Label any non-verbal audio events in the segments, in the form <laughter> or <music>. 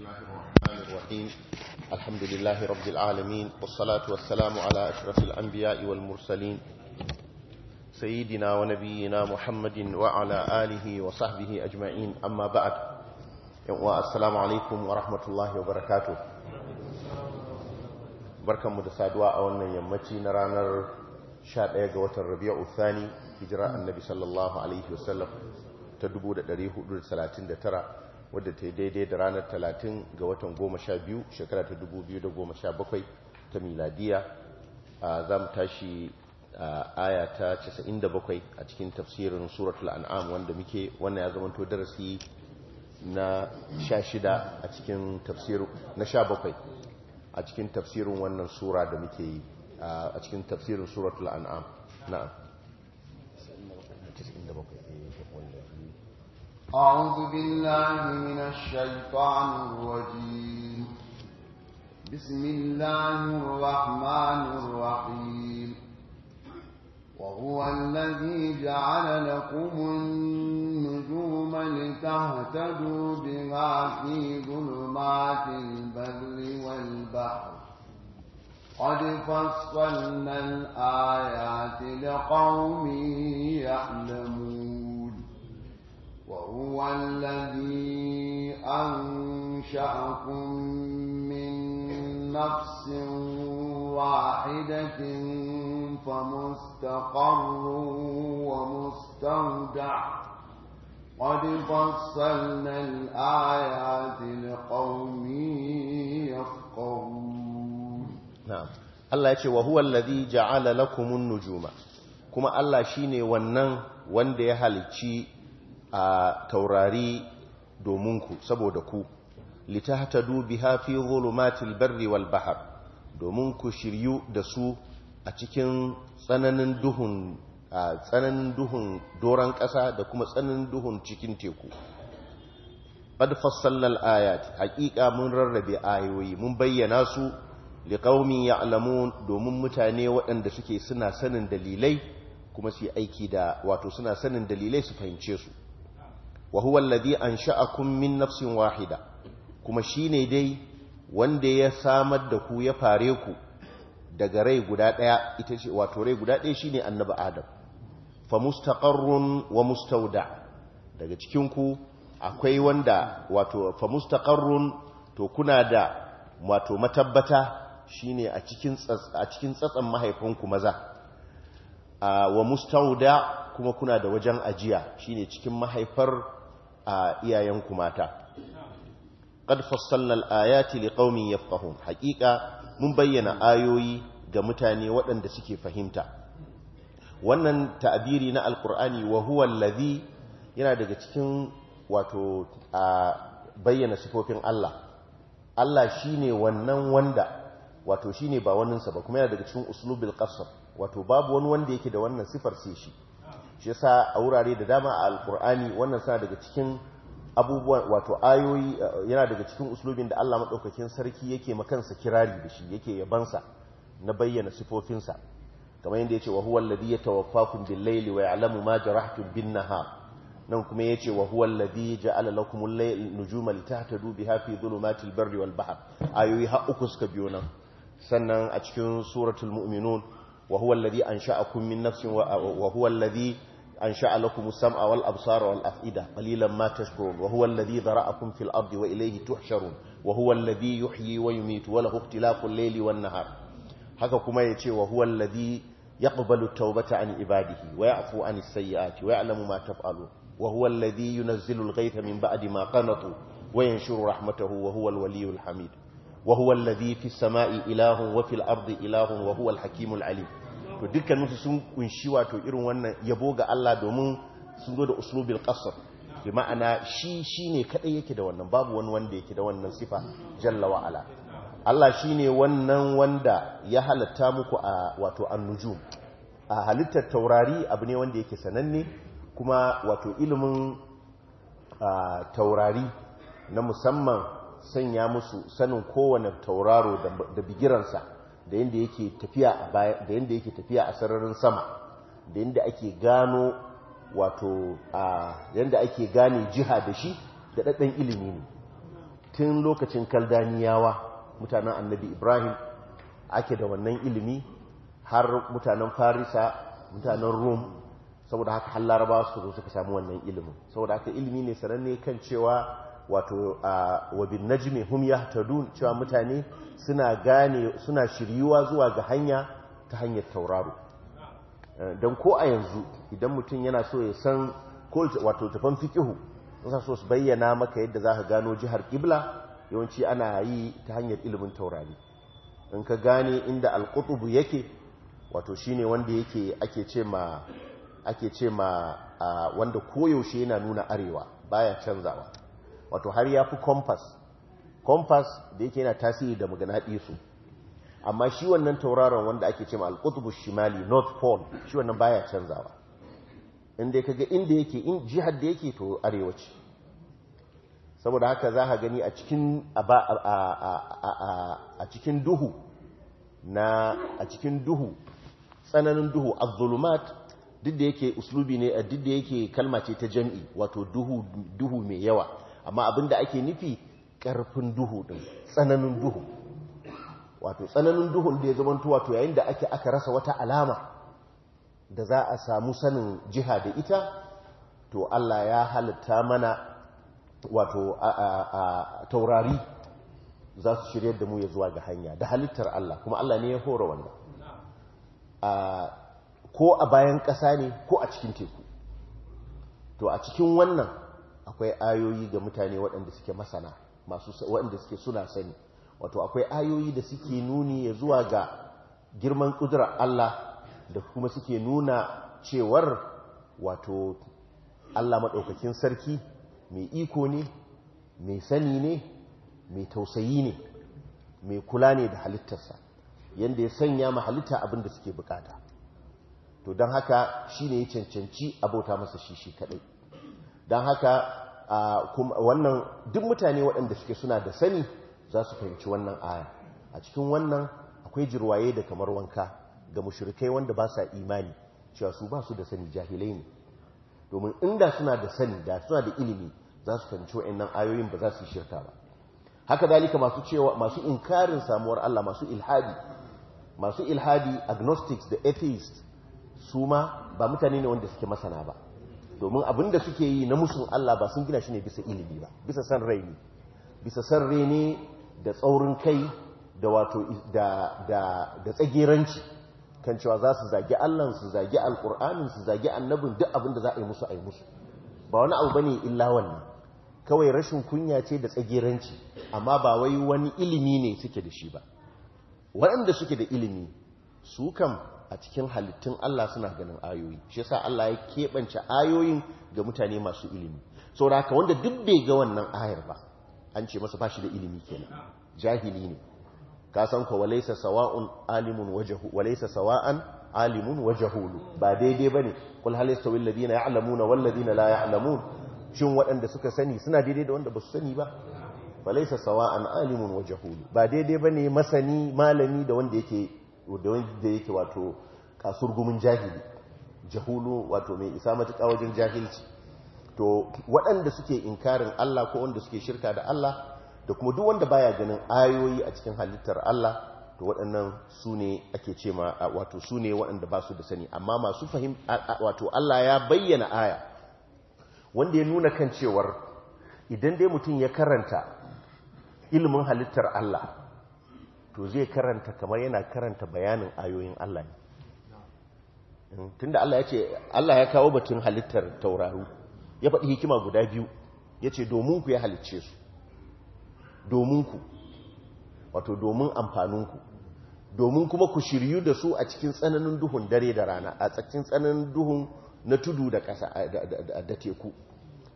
الله الرحمن الرحيم الحمد لله رب العالمين والصلاة والسلام على أشرف الأنبياء والمرسلين سيدنا ونبينا محمد وعلى آله وصحبه أجمعين أما بعد والسلام عليكم ورحمة الله وبركاته barkan mu da saduwa a wannan yammaci na ranar 11 ga watan Rabi'u Thani hijira Annabi sallallahu alaihi wasallam ta 1439 wadda ta yi daidai da ranar 30 ga watan 12 shekara ta 2017 ta miladiya za mu tashi aya ta 97 a cikin tafsirin suratul an'am wanda muke wannan ya zamanto darasi na 16 a cikin tafsirin na 17 a cikin tafsirin wannan sura da muke yi a cikin tafsirin suratul an'am na'am أعوذ بالله من الشيطان الرجيم بسم الله الرحمن الرحيم وهو الذي جعل لكم النجوم لتهتدوا بها في ظلمات البر والبحر قد فصلنا الآيات لقوم يعلمون وهو الذي أنشأكم من نفس واحدة فمستقر ومستودع قد فصلنا الآيات لقوم يفقهون نعم الله يقول وهو الذي جعل لكم النجوم كما الله شيني ونن وندي هل a taurari domin ku saboda ku litahtadu biha fi zulumatil barri wal bahr domin ku shiryu da su a cikin tsananin duhun tsananin duhun doran ƙasa da kuma tsananin duhun cikin teku qad fassalna al ayat haqiqa mun rarrabe ayoyi mun bayyana su liqaumin ya'lamun domin mutane waɗanda suke suna sanin dalilai kuma su aiki da wato suna sanin dalilai su fahimce su wa huwa alladhi ansha'akum min nafsin wahida kuma shine dai wanda ya samar da ku ya fare ku daga rai guda daya ita ce wato rai guda daya shine annabi adam fa mustaqarrun wa mustawda daga cikin ku akwai wanda wato fa mustaqarrun to kuna da wato matabbata shine a cikin a cikin tsatsan mahaifinku maza wa mustauda kuma kuna da wajen ajiya shine cikin mahaifar a iyayenku mata ƙad fassalna ayati ayati ya yafqahun Haƙiƙa mun bayyana ayoyi ga mutane waɗanda suke fahimta wannan ta'abiri na Alƙur'ani wa huwa allazi yana daga cikin wato a bayyana sifofin Allah Allah shine wannan wanda wato shine ba waninsa ba kuma yana daga cikin uslubil qasr wato babu wani wanda yake da wannan sifar sai shi shi yasa a wurare da dama a alkur'ani wannan suna daga cikin abubuwan wato ayoyi yana daga cikin uslubin da Allah maɗaukakin sarki yake makansa kirari da shi yake yabansa na bayyana sifofinsa kamar yadda ya ce wa ya ya yatawaffakum bin layli wa ya'lamu ma jarahtum bin nahar nan kuma yace wa huwal ladhi ja'ala lakum al layla hata dubi biha fi dhulumatil barri wal bahr ayoyi ha uku suka biyo nan sannan a cikin suratul mu'minun wa an ladhi ansha'akum min nafsin wa huwal ladi أنشأ لكم السمع والأبصار والأفئدة قليلا ما تشكرون وهو الذي ذرأكم في الأرض وإليه تحشرون وهو الذي يحيي ويميت وله اختلاف الليل والنهار حقكم يتشي وهو الذي يقبل التوبة عن إباده ويعفو عن السيئات ويعلم ما تفعلون وهو الذي ينزل الغيث من بعد ما قنطوا وينشر رحمته وهو الولي الحميد وهو الذي في السماء إله وفي الأرض إله وهو الحكيم العليم to dukkaninsu sun kunshi wato irin wannan yabo ga Allah domin sun zo da uslubil qasr bi ma'ana shi shine kadai yake da wannan babu wani wanda yake da wannan sifa jalla wa ala Allah shine wannan wanda ya halatta muku a wato annujum a halittar taurari abu ne wanda yake sananne kuma wato ilimin taurari na musamman sanya musu sanin kowane tauraro da bigiransa da yadda yake tafiya a sararin sama da yadda ake gano wato a yadda ake gane jiha da shi da ɗaɗɗen ilimi ne tun lokacin kaldaniyawa mutanen annabi ibrahim ake da wannan ilimi har mutanen farisa mutanen rum saboda haka har su su suka samu wannan ilimin saboda haka ilimi ne sananne kan cewa wato wabin najmi hum cewa mutane suna gane suna shiryuwa zuwa ga hanya ta hanyar tauraro eh, don ko a yanzu idan mutum yana so ya san ko wato tafan fikihu, za so su bayyana maka yadda za ka gano jihar qibla yawanci ana yi ta hanyar ilimin taurari in ka gane inda alkutubu yake wato shine wanda yake ake ce ma ake ce ma wanda koyaushe yana nuna arewa baya canzawa wato har ya fi kompas kompas da yake yana tasiri da maganaɗisu amma shi wannan tauraron wanda ake ce al shimali north pole shi wannan baya canzawa inda kaga inda yake in jihar da yake to arewaci saboda haka za ka gani a cikin duhu na a cikin duhu tsananin duhu az duk da yake uslubi ne duk da yake kalma ce ta jam'i wato duhu mai yawa amma abin da ake nufi ƙarfin duhu din tsananin duhu wato tsananin duhun da ya zamanto wato yayin da ake aka rasa wata alama da za a samu sanin jiha da ita to Allah ya halitta mana wato a taurari za su shirya da mu ya zuwa ga hanya da halittar Allah kuma Allah ne ya hora wannan ko a bayan ƙasa ne ko a cikin teku to a cikin wannan akwai ayoyi ga mutane waɗanda suke masana masu waɗanda suke suna sani wato akwai ayoyi da suke nuni ya zuwa ga girman ƙudurar Allah da kuma suke nuna cewar wato Allah maɗaukakin sarki mai iko ne mai sani ne mai tausayi ne mai kula ne da halittarsa yadda ya sanya ma halitta abin da suke bukata to don haka shi ne ya cancanci abota masa shi shi kaɗai don haka wannan duk mutane waɗanda suke suna da sani za su fahimci wannan aya a cikin wannan akwai jirwaye da kamar wanka ga mushrikai wanda ba sa imani cewa su ba su da sani jahilai ne domin inda suna da sani da suna da ilimi za su fahimci waɗannan ayoyin ba za su yi shirka ba haka dalika masu cewa masu inkarin samuwar Allah masu ilhadi masu ilhadi agnostics da atheists su ma ba mutane ne wanda suke masana ba domin abin da suke yi na musun Allah ba sun gina shi ne bisa ilimi ba bisa san rai ne bisa san rai ne da tsaurin kai da wato da tsageranci kan cewa za su zagi Allah su zagi alkur'anin su zagi annabin duk abin da za a yi musu a yi musu ba wani abu ba ne illa wannan kawai rashin kunya ce da tsageranci amma ba wai wani ilimi ne suke da shi ba waɗanda suke da ilimi su kam a cikin halittun Allah suna ganin ayoyi shi yasa Allah ya keɓance ayoyin ga mutane masu ilimi saboda haka wanda duk bai ga wannan ayar ba an ce masa bashi da ilimi kenan jahili ne ka san ko walaysa sawa'un alimun wajhu walaysa sawa'an alimun wajhulu ba daidai bane kul hal yastawi alladhina ya'lamuna wal ladina la ya'lamun shin waɗanda suka sani suna daidai da wanda ba su sani ba falaisa sawa'an alimun waje hulu. ba daidai bane masani malami da wanda yake da wanda yake wato kasur gumin jahili jahulu wato mai isa matuƙa wajen jahilci to waɗanda suke inkarin Allah ko wanda suke shirka da Allah da kuma duk wanda baya ganin ayoyi a cikin halittar Allah to waɗannan su ne ake ce ma wato su ne waɗanda ba su da sani amma masu fahim wato Allah ya bayyana aya wanda ya nuna kan cewar idan dai mutum ya karanta ilimin halittar Allah to zai karanta kamar yana karanta bayanin ayoyin Allah ne tunda Allah ya ce Allah ya kawo batun halittar tauraru ya faɗi hikima guda biyu ya ce domin ku ya halicce su domin ku wato domin amfaninku domin kuma ku shiryu da su a cikin tsananin duhun dare da rana a tsakin tsananin duhun na tudu da ƙasa da teku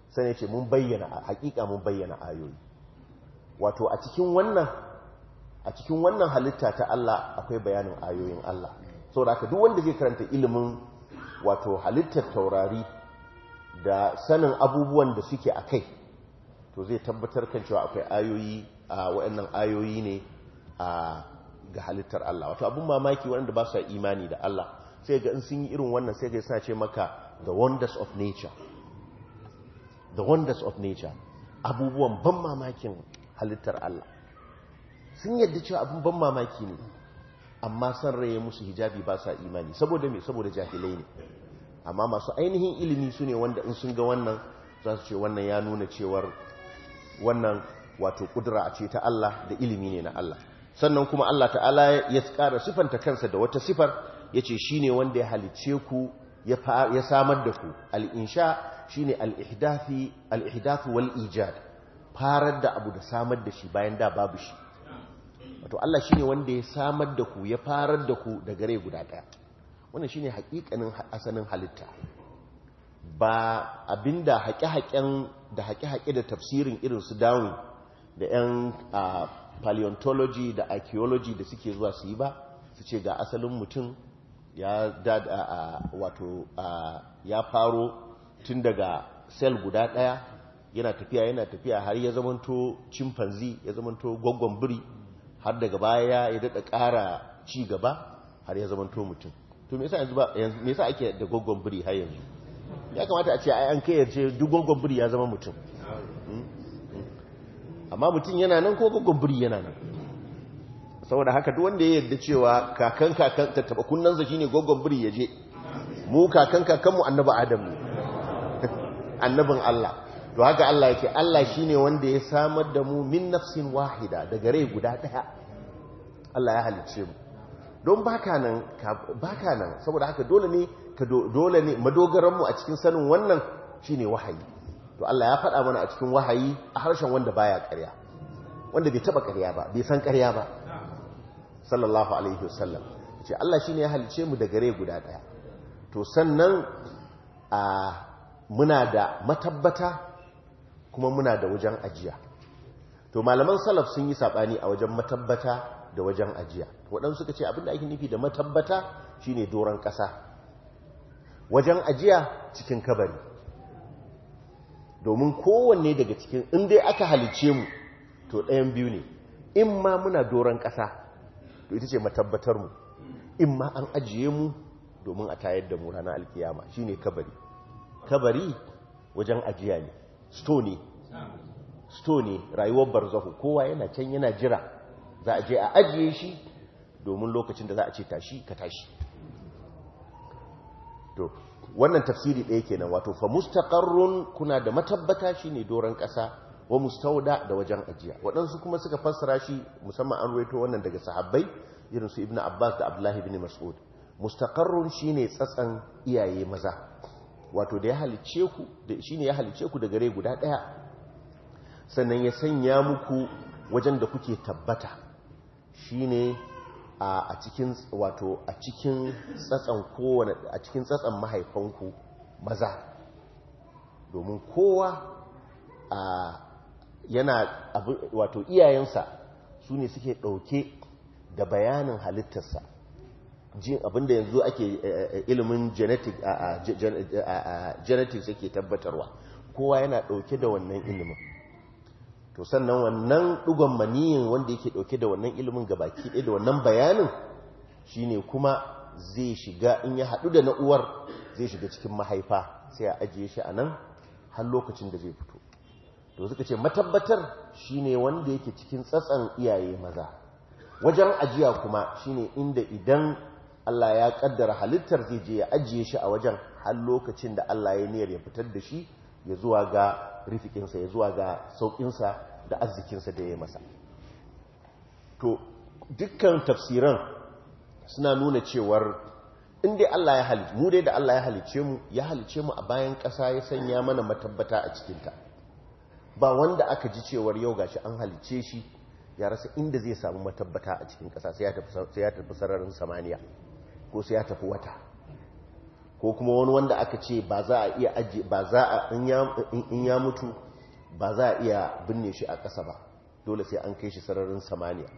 sai ya ce mun bayyana a hakika mun bayyana ayoyi wato a cikin wannan a cikin wannan halitta ta Allah akwai bayanin ayoyin Allah saboda haka duk wanda zai karanta ilimin wato halittar taurari da sanin abubuwan da suke a kai to zai tabbatar kan cewa akwai ayoyi a waɗannan ayoyi ne a ga halittar Allah wato abun mamaki waɗanda ba su imani da Allah sai ga in sun yi irin wannan sai ga yasa ce maka the wonders of nature the wonders of nature abubuwan ban mamakin halittar Allah sun yadda cewa abin ban mamaki ne amma san raye musu hijabi ba sa imani saboda mai saboda jahilai ne amma masu ainihin ilimi su ne wanda in sun ga wannan za su ce wannan ya nuna cewar wannan wato kudura a ce ta Allah da ilimi ne na Allah sannan kuma Allah ta'ala ya ƙara sifanta kansa da wata sifar ya ce shi ne wanda ya halice ku ya samar da ku al'insha shi ne al'ihdafi wal ijad farar da abu da samar da shi bayan da babu shi wato Allah shi ne wanda ya samar da ku ya farar da ku daga rai guda daya wannan ne hakikanin asalin halitta ba abinda haƙe-haƙen da haƙe-haƙe da tafsirin irin su dawon da 'yan paleontology da archaeology da suke zuwa su yi ba su ce ga asalin mutum ya wato ya faro tun daga sel guda daya yana tafiya yana tafiya har ya zamanto chimpanzee ya zamanto gwaggon biri har daga baya ya daɗa ƙara ci gaba har ya zamanto mutum to me yasa ake da gwaggon biri har yanzu ya kamata a ce ai an ce duk gwaggon biri ya zama mutum hmm? Hmm. amma mutum yana nan ko gwaggon biri yana nan saboda haka duk wanda ya yarda cewa kakan kakan tattaba kunnansa shine gwaggon biri ya je mu kakan kakanmu annabi adamu <laughs> annabin Allah to haka Allah yake Allah shine wanda ya samar da mu min nafsin wahida daga rai guda daya Allah ya halice mu don baka nan baka nan saboda haka dole ne ka dole ne madogaran mu a cikin sanin wannan shine wahayi to Allah ya faɗa mana a cikin wahayi a harshen wanda baya ƙarya wanda bai taba ƙarya ba bai san ƙarya ba sallallahu alaihi wasallam ce Allah shine ya halice mu daga rai guda daya to sannan a muna da matabbata kuma muna da wajen ajiya to malaman salaf sun yi sabani a wajen matabbata da wajen ajiya waɗansu suka ce abinda ake nufi da matabbata shine doron ƙasa wajen ajiya cikin kabari domin kowanne daga cikin in dai aka halice mu to ɗayan biyu ne in ma muna doron ƙasa to ita ce matabbatar mu in ma an ajiye mu domin a tayar da mu ranar alkiyama shine kabari kabari wajen ajiya ne stone stone rayuwar barzahu kowa yana can yana jira za a je a ajiye shi domin lokacin da za a ce tashi ka tashi to wannan tafsiri ɗaya kenan wato fa mustaqarrun kuna da matabbata shine doran ƙasa wa mustauda da wajen ajiya waɗansu kuma suka fassara shi musamman an ruwaito wannan daga sahabbai irin su ibnu abbas da abdullahi ibn mas'ud mustaqarrun shine tsatsan iyaye maza wato da ya halice ku shine ya halice ku da gare guda daya sannan ya sanya muku wajen da kuke tabbata shine a cikin wato a cikin tsatsan kowane a cikin tsatsan mahaifanku maza domin kowa a yana wato iyayensa su ne suke ɗauke da bayanin halittarsa jin abinda yanzu ake eh, eh, eh, ilimin genetic genetics yake tabbatarwa kowa yana dauke da wannan ilimin to sannan wannan dugon maniyin wanda yake dauke da wannan ilimin gabaki baki da wannan bayanin shine kuma zai shiga in ya haɗu da na uwar zai shiga cikin mahaifa sai a ajiye shi a nan har lokacin da zai fito to suka ce matabbatar shine wanda yake cikin tsatsan iyaye maza wajen ajiya kuma shine inda idan Allah ya kaddara halittar zai je ya ajiye shi a wajen har lokacin da Allah ya niyar ya fitar da shi ya zuwa ga rifikinsa ya zuwa ga sauƙinsa da arzikinsa da ya masa to dukkan tafsiran suna nuna cewar inda Allah ya halice mu dai da Allah ya halice mu ya halice mu a bayan ƙasa ya sanya mana matabbata a cikinta ba wanda aka ji cewar yau gashi an halice shi ya rasa inda zai samu matabbata a cikin ƙasa sai ya tafi sararin samaniya ko sai ya tafi wata ko kuma wani wanda aka ce ba za a iya ajiye ba za a in ya mutu ba za a iya binne shi a ƙasa ba dole sai an kai shi sararin samaniya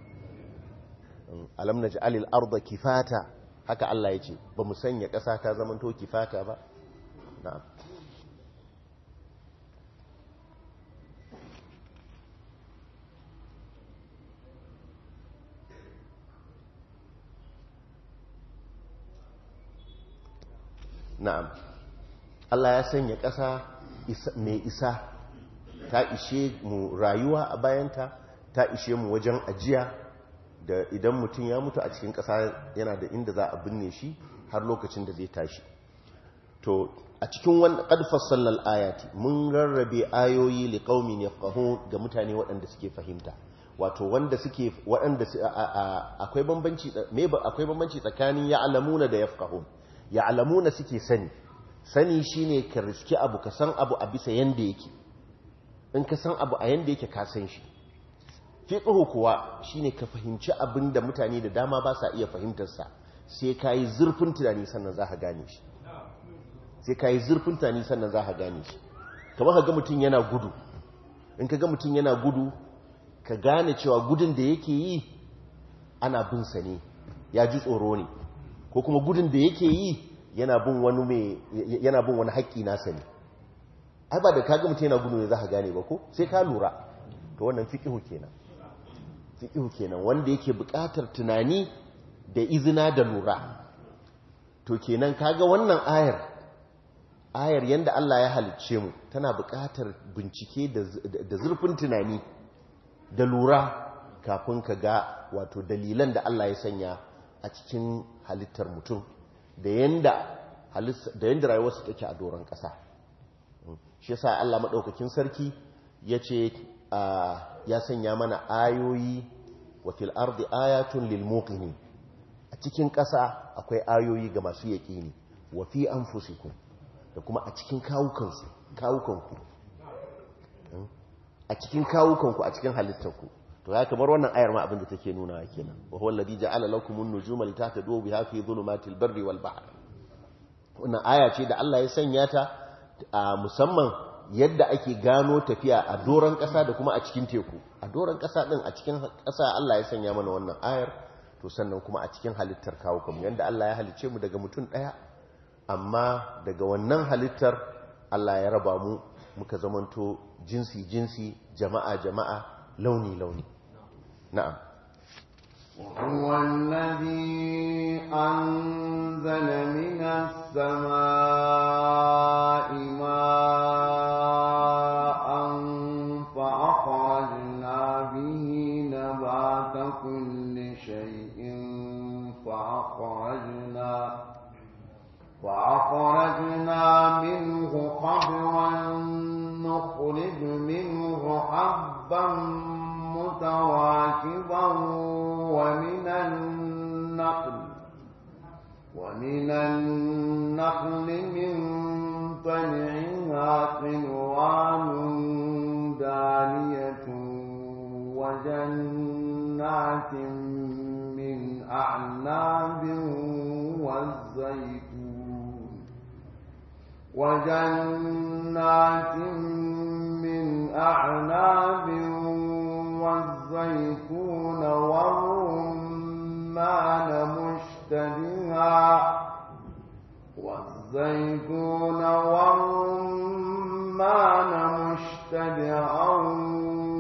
mm, alam alil arda kifata haka Allah ya ce ba mu sanya ƙasa ta zamanto kifata ba na'am Allah ya sanya ƙasa mai isa ta ishe mu rayuwa a bayanta ta ishe mu wajen ajiya da idan mutum ya mutu a cikin ƙasa yana da inda za a binne shi har lokacin da zai tashi to a cikin wani ƙadfar sallal ayati mun rarrabe ayoyi liƙaumin ya ga mutane waɗanda suke fahimta wato wanda suke waɗanda akwai bambanci tsakanin ya alamuna da ya na suke sani sani shine ka riski abu ka san abu a bisa yanda yake in ka san abu a yadda yake ka san shi tsoho kuwa shine ka fahimci abin da mutane da dama ba sa iya fahimtar sai ka yi zurfin tunani sannan za ka gane shi sai ka yi zurfin tunani sannan za ka gane shi kamar ka ga mutum yana gudu in ka ga mutum yana gudu ka gane cewa gudun da yake yi ana bin sa ne ya ji tsoro ne ko kuma gudun da yake yi yana bin wani haƙƙi nasa ne ai ba da kaga mutum yana gudu ne za ka gane ba ko sai ka lura to wannan fiƙihu kenan fiƙihu kenan wanda yake buƙatar tunani da izina da lura to kenan kaga wannan ayar ayar yadda Allah ya halicce mu tana buƙatar bincike da zurfin tunani da lura kafin ka ga wato dalilan da Allah ya sanya a cikin halittar mutum da yanda da rayuwarsa take a doron ƙasa shi sa Allah madaukakin sarki ya ce ya sanya mana ayoyi wa fil ardi ayatun lilmoki ne a cikin ƙasa akwai ayoyi ga masu yaƙi yaƙini wa fi fusiku, da kuma a cikin kawukansu kawukanku a cikin kawukanku a cikin halittarku to ya kamar wannan ayar ma abin take nuna kenan wa huwa alladhi ja'ala lakum an-nujuma litahtadu biha fi dhulumatil barri wal bahr wannan aya ce da Allah ya sanya ta musamman yadda ake gano tafiya a doran kasa da kuma a cikin teku a doran kasa din a cikin ƙasa Allah ya sanya mana wannan ayar to sannan kuma a cikin halittar kawo kuma yanda Allah ya halice mu daga mutum ɗaya amma daga wannan halittar Allah ya raba mu muka zamanto jinsi jinsi jama'a jama'a launi launi na'am وهو الذي أنزل من السماء وأعناب والزيتون وجنات من أعناب والزيتون والرمان مشتبها والزيتون والرمان مشتبها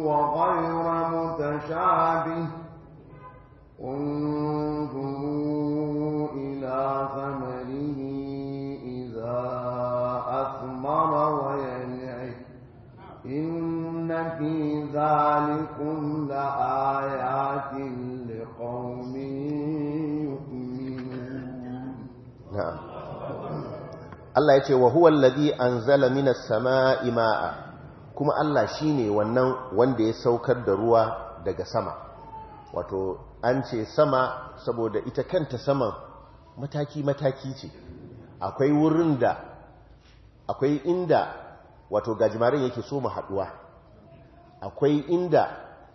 وغير متشابه Allah ya ce wa huwa alladhi anzala minas sama'i ma'a kuma Allah shine wannan wanda ya saukar da ruwa daga sama wato an ce sama saboda ita kanta saman mataki mataki ce akwai wurin da akwai inda wato gajimarin yake so mu haduwa akwai inda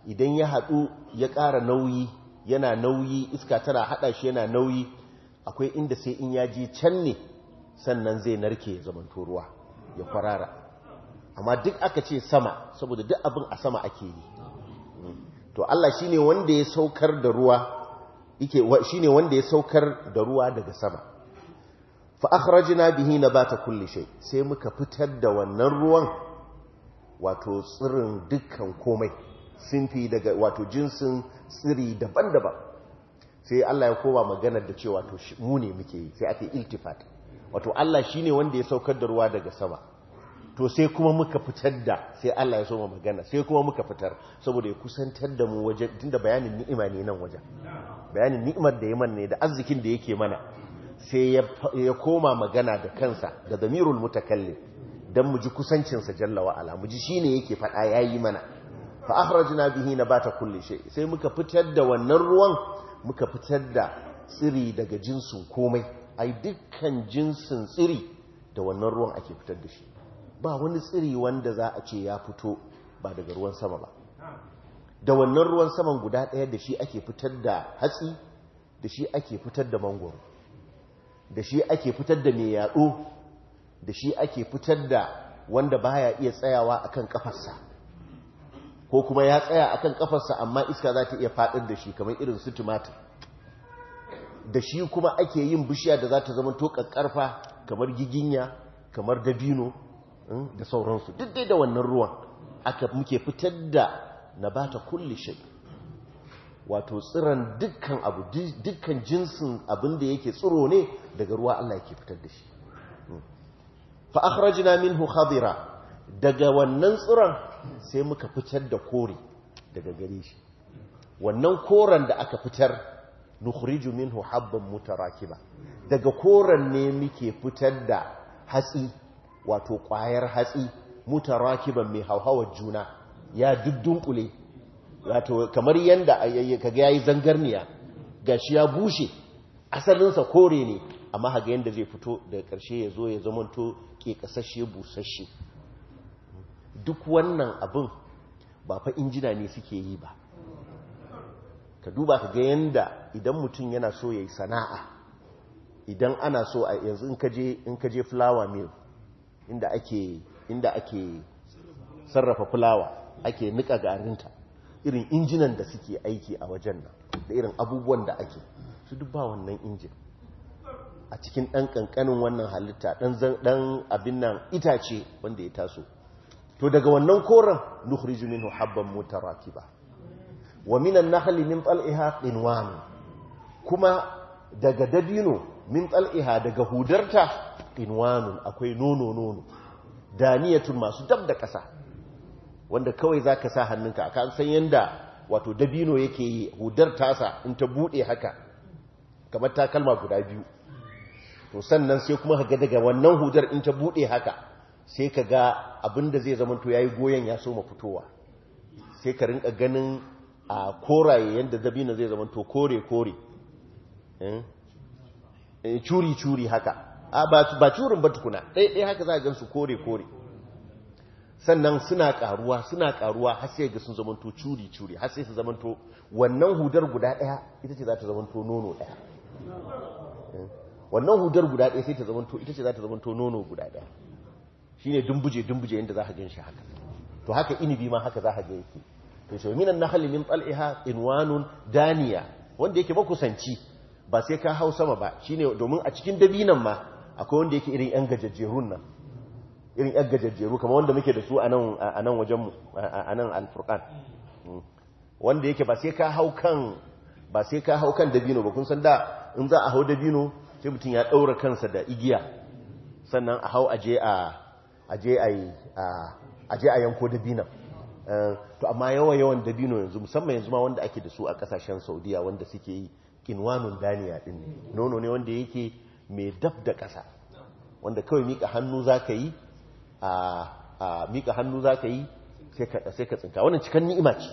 idan ya hadu ya ƙara nauyi yana nauyi iska tana hada shi yana nauyi akwai inda sai in ya je can ne sannan zai narke ya turuwa ruwa ya kwarara amma duk aka ce sama saboda duk abin a sama ake yi to Allah shine wanda ya saukar da ruwa yake shine wanda ya saukar da ruwa daga sama fa akhrajna bihi nabata kulli shay sai muka fitar da wannan ruwan wato tsirin dukkan komai sinfi daga wato jinsin tsiri daban-daban sai Allah ya koma maganar da cewa to mu ne muke sai ake iltifat wato Allah shi ne wanda ya saukar da ruwa daga sama to sai kuma muka fitar da sai Allah ya soma magana sai kuma muka fitar saboda ya kusantar da mu waje tunda bayanin ni'ima ne nan waje, bayanin ni'imar da ya mana ne da arzikin da yake mana sai ya koma magana da kansa da damirul mutakallim dan mu ji kusancin sa jalla wa ala mu ji shine yake fada yayi mana fa akhrajna bihi nabata kulli shay sai muka fitar da wannan ruwan muka fitar da tsiri daga jinsin komai ai dukkan jinsin tsiri da wannan ruwan ake fitar da shi ba wani tsiri wanda za a ce ya fito ba daga ruwan sama ba da wannan ruwan saman guda ɗaya da shi ake fitar da hatsi da shi ake fitar da mangoro da shi ake fitar da mai yaɗo da shi ake fitar da wanda baya iya tsayawa akan kafarsa ko kuma ya tsaya akan kafarsa amma iska za ta iya faɗin da shi kamar irin su tumatir da shi kuma ake yin bishiya da za ta zama tokar ƙarfa kamar giginya kamar dabino hmm, da sauransu duk dai da wannan ruwan aka muke fitar da na ba ta kulle shai, wato tsiran dukkan abu dukkan jinsin abin da yake tsiro ne daga ruwa Allah yake fitar da shi hmm. fa akhrajna minhu khadira daga wannan tsiran sai muka fitar da kore daga gare shi wannan koren da aka fitar nukhriju minhu habban mutarakiba daga koren ne muke fitar da hatsi wato kwayar hatsi mutarakiban mai hauhawar juna ya duddunkule wato kamar yadda yanda kaga yayi zangarniya gashi ya bushe asalinsa kore ne amma haga yanda zai fito daga ƙarshe ya zo ya zamanto ke kasashe busasshe duk wannan abin ba fa injina ne suke yi ba ka duba ka ga yanda idan mutum yana so ya yi sana'a idan ana so a yanzu in ka je flower mill inda ake inda sarrafa fulawa ake nika garinta irin injinan da suke aiki a wajen nan da irin abubuwan da ake su duk ba wannan injin a cikin ɗan ƙanƙanin wannan halitta ɗan abin nan itace wanda ya taso to daga wannan koren nuhriju minhu habban mutarakiba wa minan nahli min faliha qinwan kuma daga dabino min tsal'iha daga hudarta inwanun akwai nono nono daniyatun masu dab da ƙasa wanda kawai za ka sa hannunka aka san yadda wato dabino yake yi hudar tasa in ta buɗe haka kamar ta kalma guda biyu to sannan sai kuma ka ga daga wannan hudar in ta buɗe haka sai ka ga abin da zai zamanto ya yi goyon ya soma fitowa sai ka rinka ganin a koraye yadda dabino zai zamanto kore-kore curi-curi eh? eh, haka ba curin ba tukuna ɗaiɗai haka za a gansu kore-kore sannan suna ƙaruwa suna ƙaruwa har sai ga sun zamanto curi-curi har sai su zamanto wannan hudar guda ɗaya ita ce za ta zamanto nono ɗaya eh? wannan hudar guda ɗaya sai ta zamanto ita ce za ta zamanto nono guda ɗaya shi ne dumbuje-dumbuje yadda za ka gan shi haka to haka inibi ma haka za ka gan shi to shi minan na halimin tsal'iha inwanun daniya wanda yake makusanci ba sai ka hau sama ba shi ne domin a cikin dabinan ma akwai wanda yake irin yan gajajjerun nan irin yan gajajjeru kamar wanda muke da su a nan wajenmu a nan alfurkan hmm. wanda yake ba sai ka hau kan ba sai ka hau kan dabino ba kun san da in za a hau dabino sai mutum ya ɗaura kansa da igiya sannan a hau aje a aje a aje a yanko dabinan eh, to amma yawa yawan dabino yanzu musamman yanzu ma wanda ake da su a kasashen Saudiya wanda suke yi kinwanun daniya din ne nono ne wanda yake mai dab da ƙasa wanda kawai mika hannu za ka yi a mika hannu za ka yi sai ka tsinka wannan cikan ni'ima ce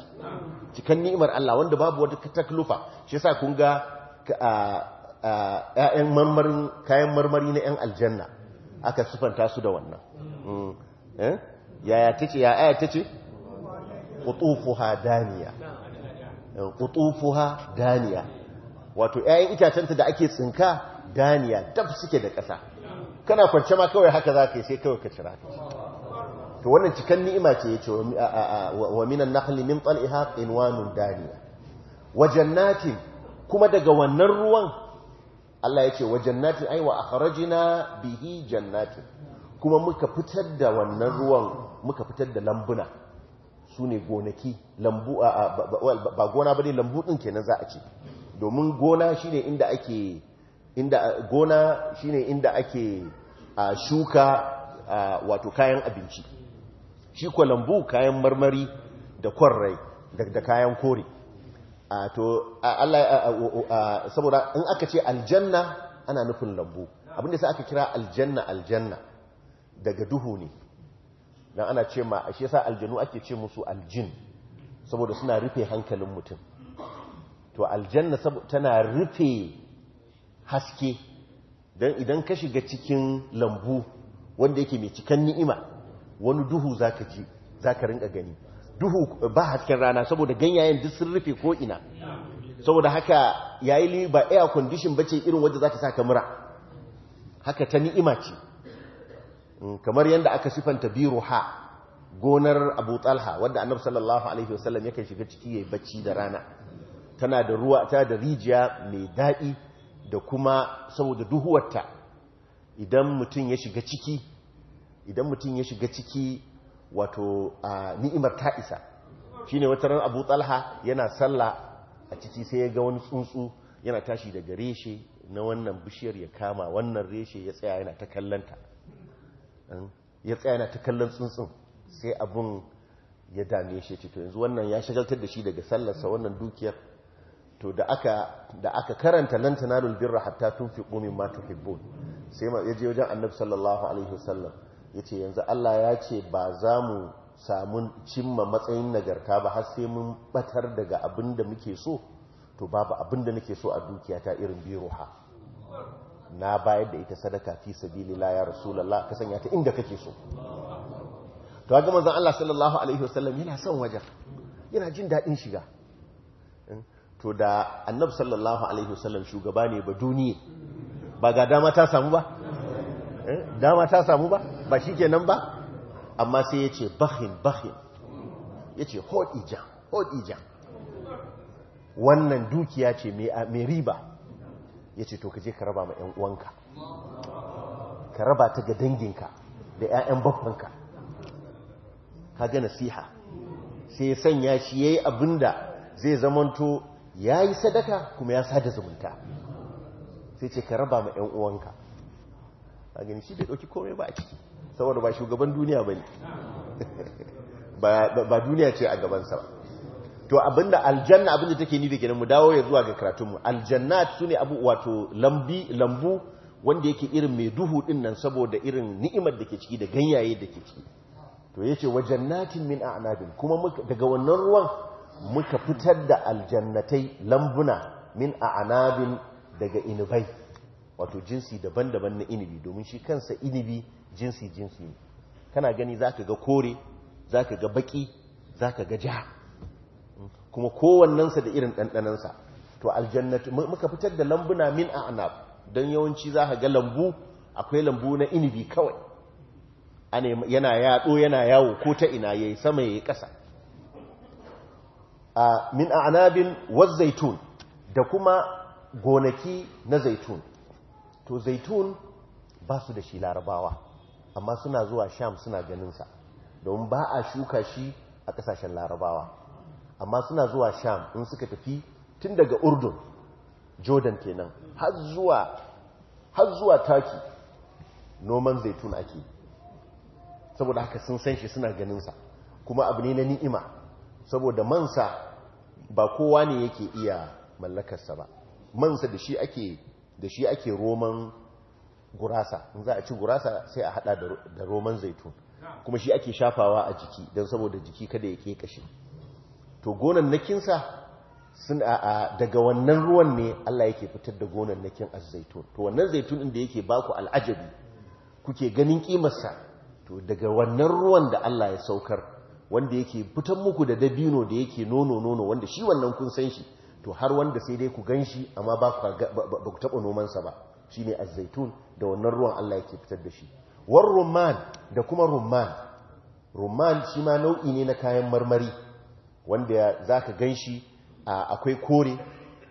cikan ni'imar Allah wanda babu wata taklufa shi yasa kun ga ƴaƴan marmarin kayan marmari na 'yan aljanna aka sufanta su da wannan mm. eh? yaya tace ya aya tace qutufuha daniya qutufuha daniya wato ‘ya'yan itacenta da ake tsinka daniya dab suke da ƙasa kana kwance ma kawai haka za ka yi sai kawai ka cira to wannan cikan ni'ima ce ya ce wa minan nahli min tal'iha qinwanun daniya Wajen natin kuma daga wannan ruwan Allah ya ce natin aiwa a wa na bihi jannatin kuma muka fitar da wannan ruwan muka fitar da lambuna su ne gonaki lambu ba gona ba ne lambu ɗin kenan za a ce domin gona shine inda ake inda gona shine inda ake a shuka wato kayan abinci shi ko lambu kayan marmari da kwarrai da kayan kore to Allah saboda in aka ce aljanna ana nufin lambu abinda sa aka kira aljanna aljanna daga duhu ne dan ana ce ma shi yasa aljanu ake ce musu aljin saboda suna rufe hankalin mutum to aljanna tana rufe haske don idan ka shiga cikin lambu wanda yake mai cikan ni'ima wani duhu ka ji ka rinka gani duhu ba hasken rana saboda ganyayen duk sun rufe ko ina saboda haka yayi ba air condition bace irin wanda ka sa kamura haka ta ni'ima ce mm, kamar yadda aka sifanta ha gonar Abu Talha wadda Annabi sallallahu alaihi wasallam shiga ciki yayi bacci da rana tana da ruwa ta da rijiya mai daɗi da kuma saboda duhuwarta idan mutum ya shiga ciki idan mutum ya shiga ciki wato ni'imar ta isa ne wata ran Abu tsalha yana sallah a ciki sai ya ga wani tsuntsu yana tashi daga reshe na wannan bishiyar ya kama wannan reshe ya tsaya yana ta kallanta hmm? ya tsaya yana ta kallon tsuntsun sai abun ya dame shi ce to yanzu wannan ya shagaltar da shi daga sallarsa wannan dukiyar to da aka da aka karanta lan tanalul birra hatta tunfiqu mimma tuhibbun sai ma yaje wajen annabi sallallahu alaihi wasallam yace yanzu Allah ya ce ba za mu samu cimma matsayin nagarta ba har sai mun batar daga abinda da muke so to babu abin da nake so a dukiyata irin biroha. na bayar da ita sadaka fi sabilillah ya rasulullah ka sanya ta inda kake so to ga manzon Allah sallallahu alaihi wasallam yana son wajen yana jin dadin shiga to da annabi sallallahu alaihi wasallam shugaba ne ba duniya ba ga dama ta samu ba eh, dama ta samu ba ba shi nan ba amma sai yace bakin ya yace hodija hodija wannan dukiya ce mai riba yace to kaje ka raba ma 'yan uwanka ka raba ta ga danginka da yayan babbanka ka ga nasiha sai sanya shi ya yi abinda zai zamanto ya yi sadaka kuma ya sada zumunta sai ce ka raba ma 'yan uwanka a gani shi bai ɗauki komai ba a ciki saboda ba shugaban duniya ba ne <laughs> ba duniya ce a gabansa ba to abinda aljanna abinda take ni da gina mu dawo ya zuwa ga karatunmu aljanna su ne abu wato lambu wanda yake irin mai duhu din nan saboda irin ni'imar da ke ciki da ganyaye da ke ciki to ya yace wajen natin min a'nabin kuma daga wannan ruwan muka fitar da aljannatai lambuna min a anabin daga inibai wato jinsi daban-daban na inibi domin shi kansa inibi jinsi-jinsi ne kana gani ka ga kore za ka ga baki ka ga ja kuma kowannensa da irin ɗanɗanansa to aljannatai muka fitar da lambuna min a a'nab don yawanci za ka ga lambu akwai lambu na inibi kawai yana yaɗo yana yawo ko ta ina ya yi sama ya yi ƙasa min a'nabin waz zaitun da kuma gonaki na zaitun to zaitun ba su da shi larabawa amma suna zuwa sham suna ganinsa domin ba a shuka shi a kasashen larabawa amma suna zuwa sham in suka tafi tun daga urdun jordan kenan har zuwa har zuwa taki noman zaitun ake saboda haka sun san shi suna ganinsa kuma abu ne na ni'ima saboda mansa ba kowa ne yake iya mallakarsa ba mansa da shi ake da shi ake roman gurasa in za a ci gurasa sai a hada da roman zaitun kuma shi ake shafawa a jiki don saboda jiki kada ya ke kashi to gonannakinsa sun a daga wannan ruwan ne Allah yake fitar da gonan gonannakin azzaitun to wannan zaitun din da yake baku al'ajabi kuke ganin kimarsa to daga wannan ruwan da Allah ya saukar wanda yake fitan muku da dabino da yake nono nono wanda shi wannan kun san shi to har wanda sai dai ku gan shi amma ba ku noman sa ba shine ne azzaitun da wannan ruwan Allah yake fitar da shi war rumman da kuma rumman rumman shi ma nau'i ne na kayan marmari wanda za ka gan shi akwai kore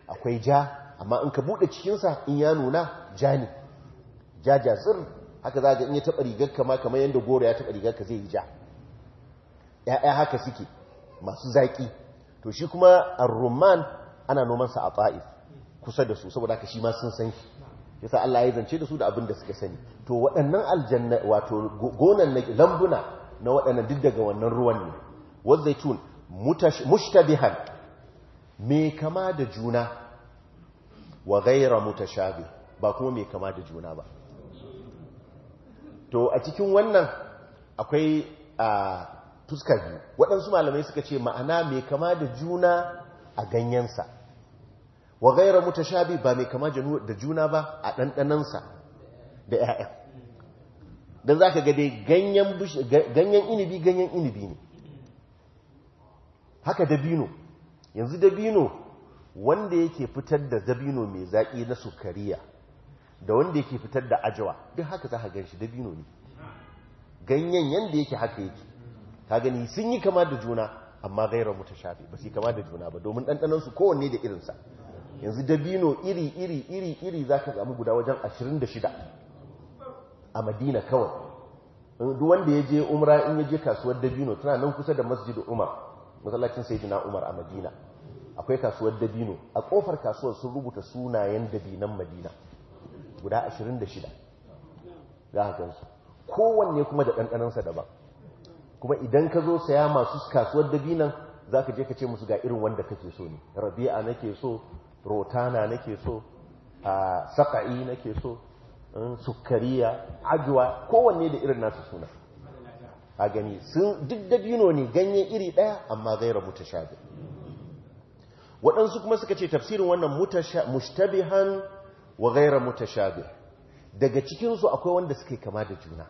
akwai ja amma in ka cikin sa in ya nuna ja ne ja ja haka za ga in ya taɓa rigar ma kamar yadda goro ya taba rigar ka zai yi ja ya'ya haka suke masu zaƙi to shi kuma a roman ana nomansa a ta'if kusa da su saboda haka shi ma sun san shi sa Allah ya zance da su da abin da suka sani to waɗannan aljanna wato gonan na lambuna na waɗannan duk daga wannan ruwan ne wazaitun mushtabihan me kama da juna wa ghayra mutashabi ba kuma me kama da juna ba to a cikin wannan akwai ah, fuskar biyu waɗansu malamai suka ce ma'ana mai kama da juna a ganyensa wa gaira mutashabi ba mai kama da juna ba a ɗanɗanansa da 'ya'yan don za ka ga ganyen inibi ganyen inibi ne haka dabino yanzu dabino wanda yake fitar da dabino mai zaƙi na sukariya da wanda yake fitar da ajawa duk haka za ka gan shi dabino ne ganyen yanda yake haka yake ka gani sun yi kama da juna amma gairar mutashabi ba su kama da juna ba domin ɗanɗanansu kowanne da irinsa yanzu dabino iri iri iri iri za ka samu guda wajen 26 a madina kawai duk wanda ya je umra in ya je kasuwar dabino tana nan kusa da masjid umar masallacin sayyidina umar a madina akwai kasuwar dabino a kofar kasuwar sun rubuta sunayen dabinan madina guda 26 za ka gansu kowanne kuma da ɗanɗanansa daban kuma idan ka zo saya masu kasuwar dabinan za ka je ka ce musu ga irin wanda kake so ne rabi'a nake so rotana nake so a saƙa'i nake so sukariya ajuwa kowanne da irin nasu suna a gani sun duk dabino ne ganye iri ɗaya amma gaira mutashabi waɗansu kuma suka ce tafsirin wannan mushtabihan wa gaira mutashabi daga cikinsu akwai wanda suke kama da juna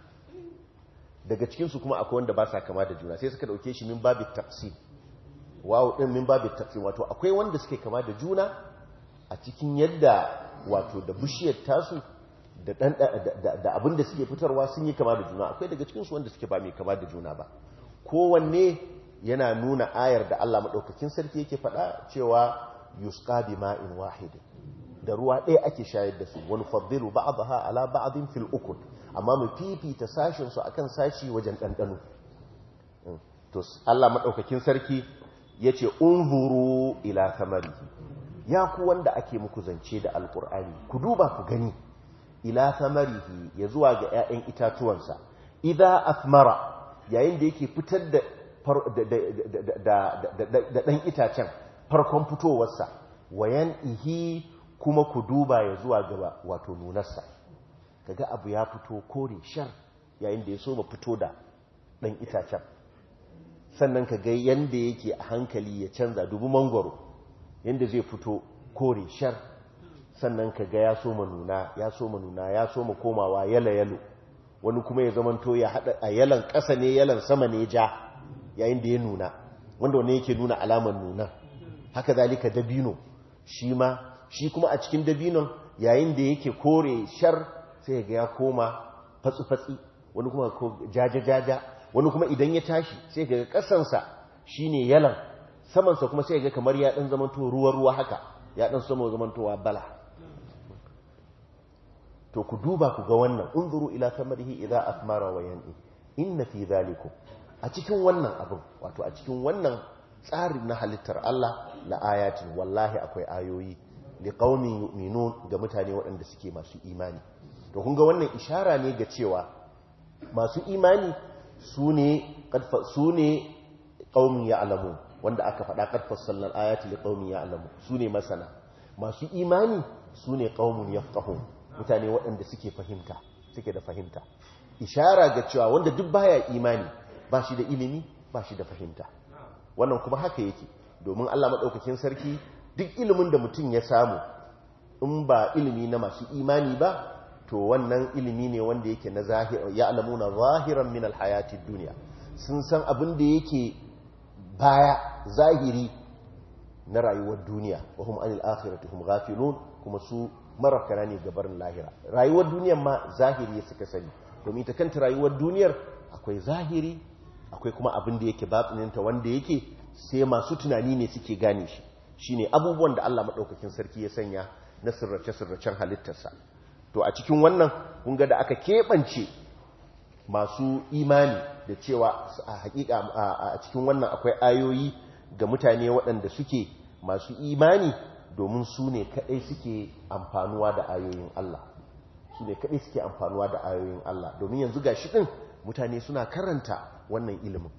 daga cikinsu kuma akwai wanda ba sa kama da juna sai suka dauke shi min babu taqsim wawo din min babu wato akwai wanda suke kama da juna a cikin yadda wato da bushiyar tasu da dan da abin da suke fitarwa sun yi kama da juna akwai daga cikinsu wanda suke ba mai kama da juna ba kowanne yana nuna ayar da Allah madaukakin sarki yake faɗa cewa yusqa ma'in wahid da ruwa ɗaya ake shayar da su wani faddilu ba'daha ala ba'din fil ukul amma mu fifita sashin su akan sashi wajen ɗanɗano to Allah maɗaukakin sarki ya ce unzuru ila samari ya ku wanda ake muku zance da alkur'ani ku duba ku gani ila samarihi ya zuwa ga 'ya'yan itatuwansa idza asmara yayin da yake fitar da da ɗan itacen farkon fitowarsa wayan ihi kuma ku duba ya zuwa gaba wato nunarsa Ka ga abu ya fito kore shar yayin da ya so ba fito da ɗan itacen sannan ka ga yadda yake a hankali ya canza dubu mangoro yadda zai fito kore shar sannan ka ga ya so nuna ya so nuna ya so ma komawa yala yalo wani kuma ya zamanto ya haɗa a yalan ƙasa ne yalan sama ne ja yayin da ya nuna wanda wani yake nuna alamar nuna haka zalika dabino shi ma shi kuma a cikin dabinon yayin da yake kore shar sai ga ya koma fatsu-fatsi wani kuma jaja-jaja wani kuma idan ya tashi sai ga kasansa shine yalan samansa kuma sai ga kamar ya dan zamanto ruwa-ruwa haka ya dan sama zamantowa bala to ku duba ku ga wannan unzuru ila samarihi idza asmara wa yan'i inna fi zalikum a cikin wannan abin wato a cikin wannan tsarin na halittar Allah la ayatin wallahi akwai ayoyi liqaumin yu'minun ga mutane waɗanda suke masu imani to kun ga wannan ishara ne ga cewa masu imani su ne su ya alamu wanda aka faɗa sallar ayatul ayati ya alamu su ne masana masu imani su ne ya yafqahun mutane waɗanda suke fahimta suke da fahimta ishara ga cewa wanda duk baya imani ba shi da ilimi ba shi da fahimta wannan kuma haka yake domin Allah maɗaukakin sarki duk ilimin da mutum ya samu in ba ilimi na masu imani ba to wannan ilimi ne wanda yake na zahir ya alamuna zahiran min alhayatid duniya sun san abin da yake baya zahiri na rayuwar duniya wa hum anil akhirati hum ghafilun kuma su marakana ne gabar lahira rayuwar duniyar ma zahiri suka sani domin ta kanta rayuwar duniyar akwai zahiri akwai kuma abin da yake batsininta wanda yake sai masu tunani ne suke gane shi shine abubuwan da Allah madaukakin sarki ya sanya na sirrace-sirracen halittarsa to a cikin wannan kun ga da aka keɓance masu imani da cewa a hakika a cikin wannan akwai ayoyi ga mutane waɗanda suke masu imani domin su ne kaɗai suke amfanuwa da ayoyin Allah su ne kaɗai suke amfanuwa da ayoyin Allah domin yanzu ga shi ɗin mutane suna karanta wannan ilimin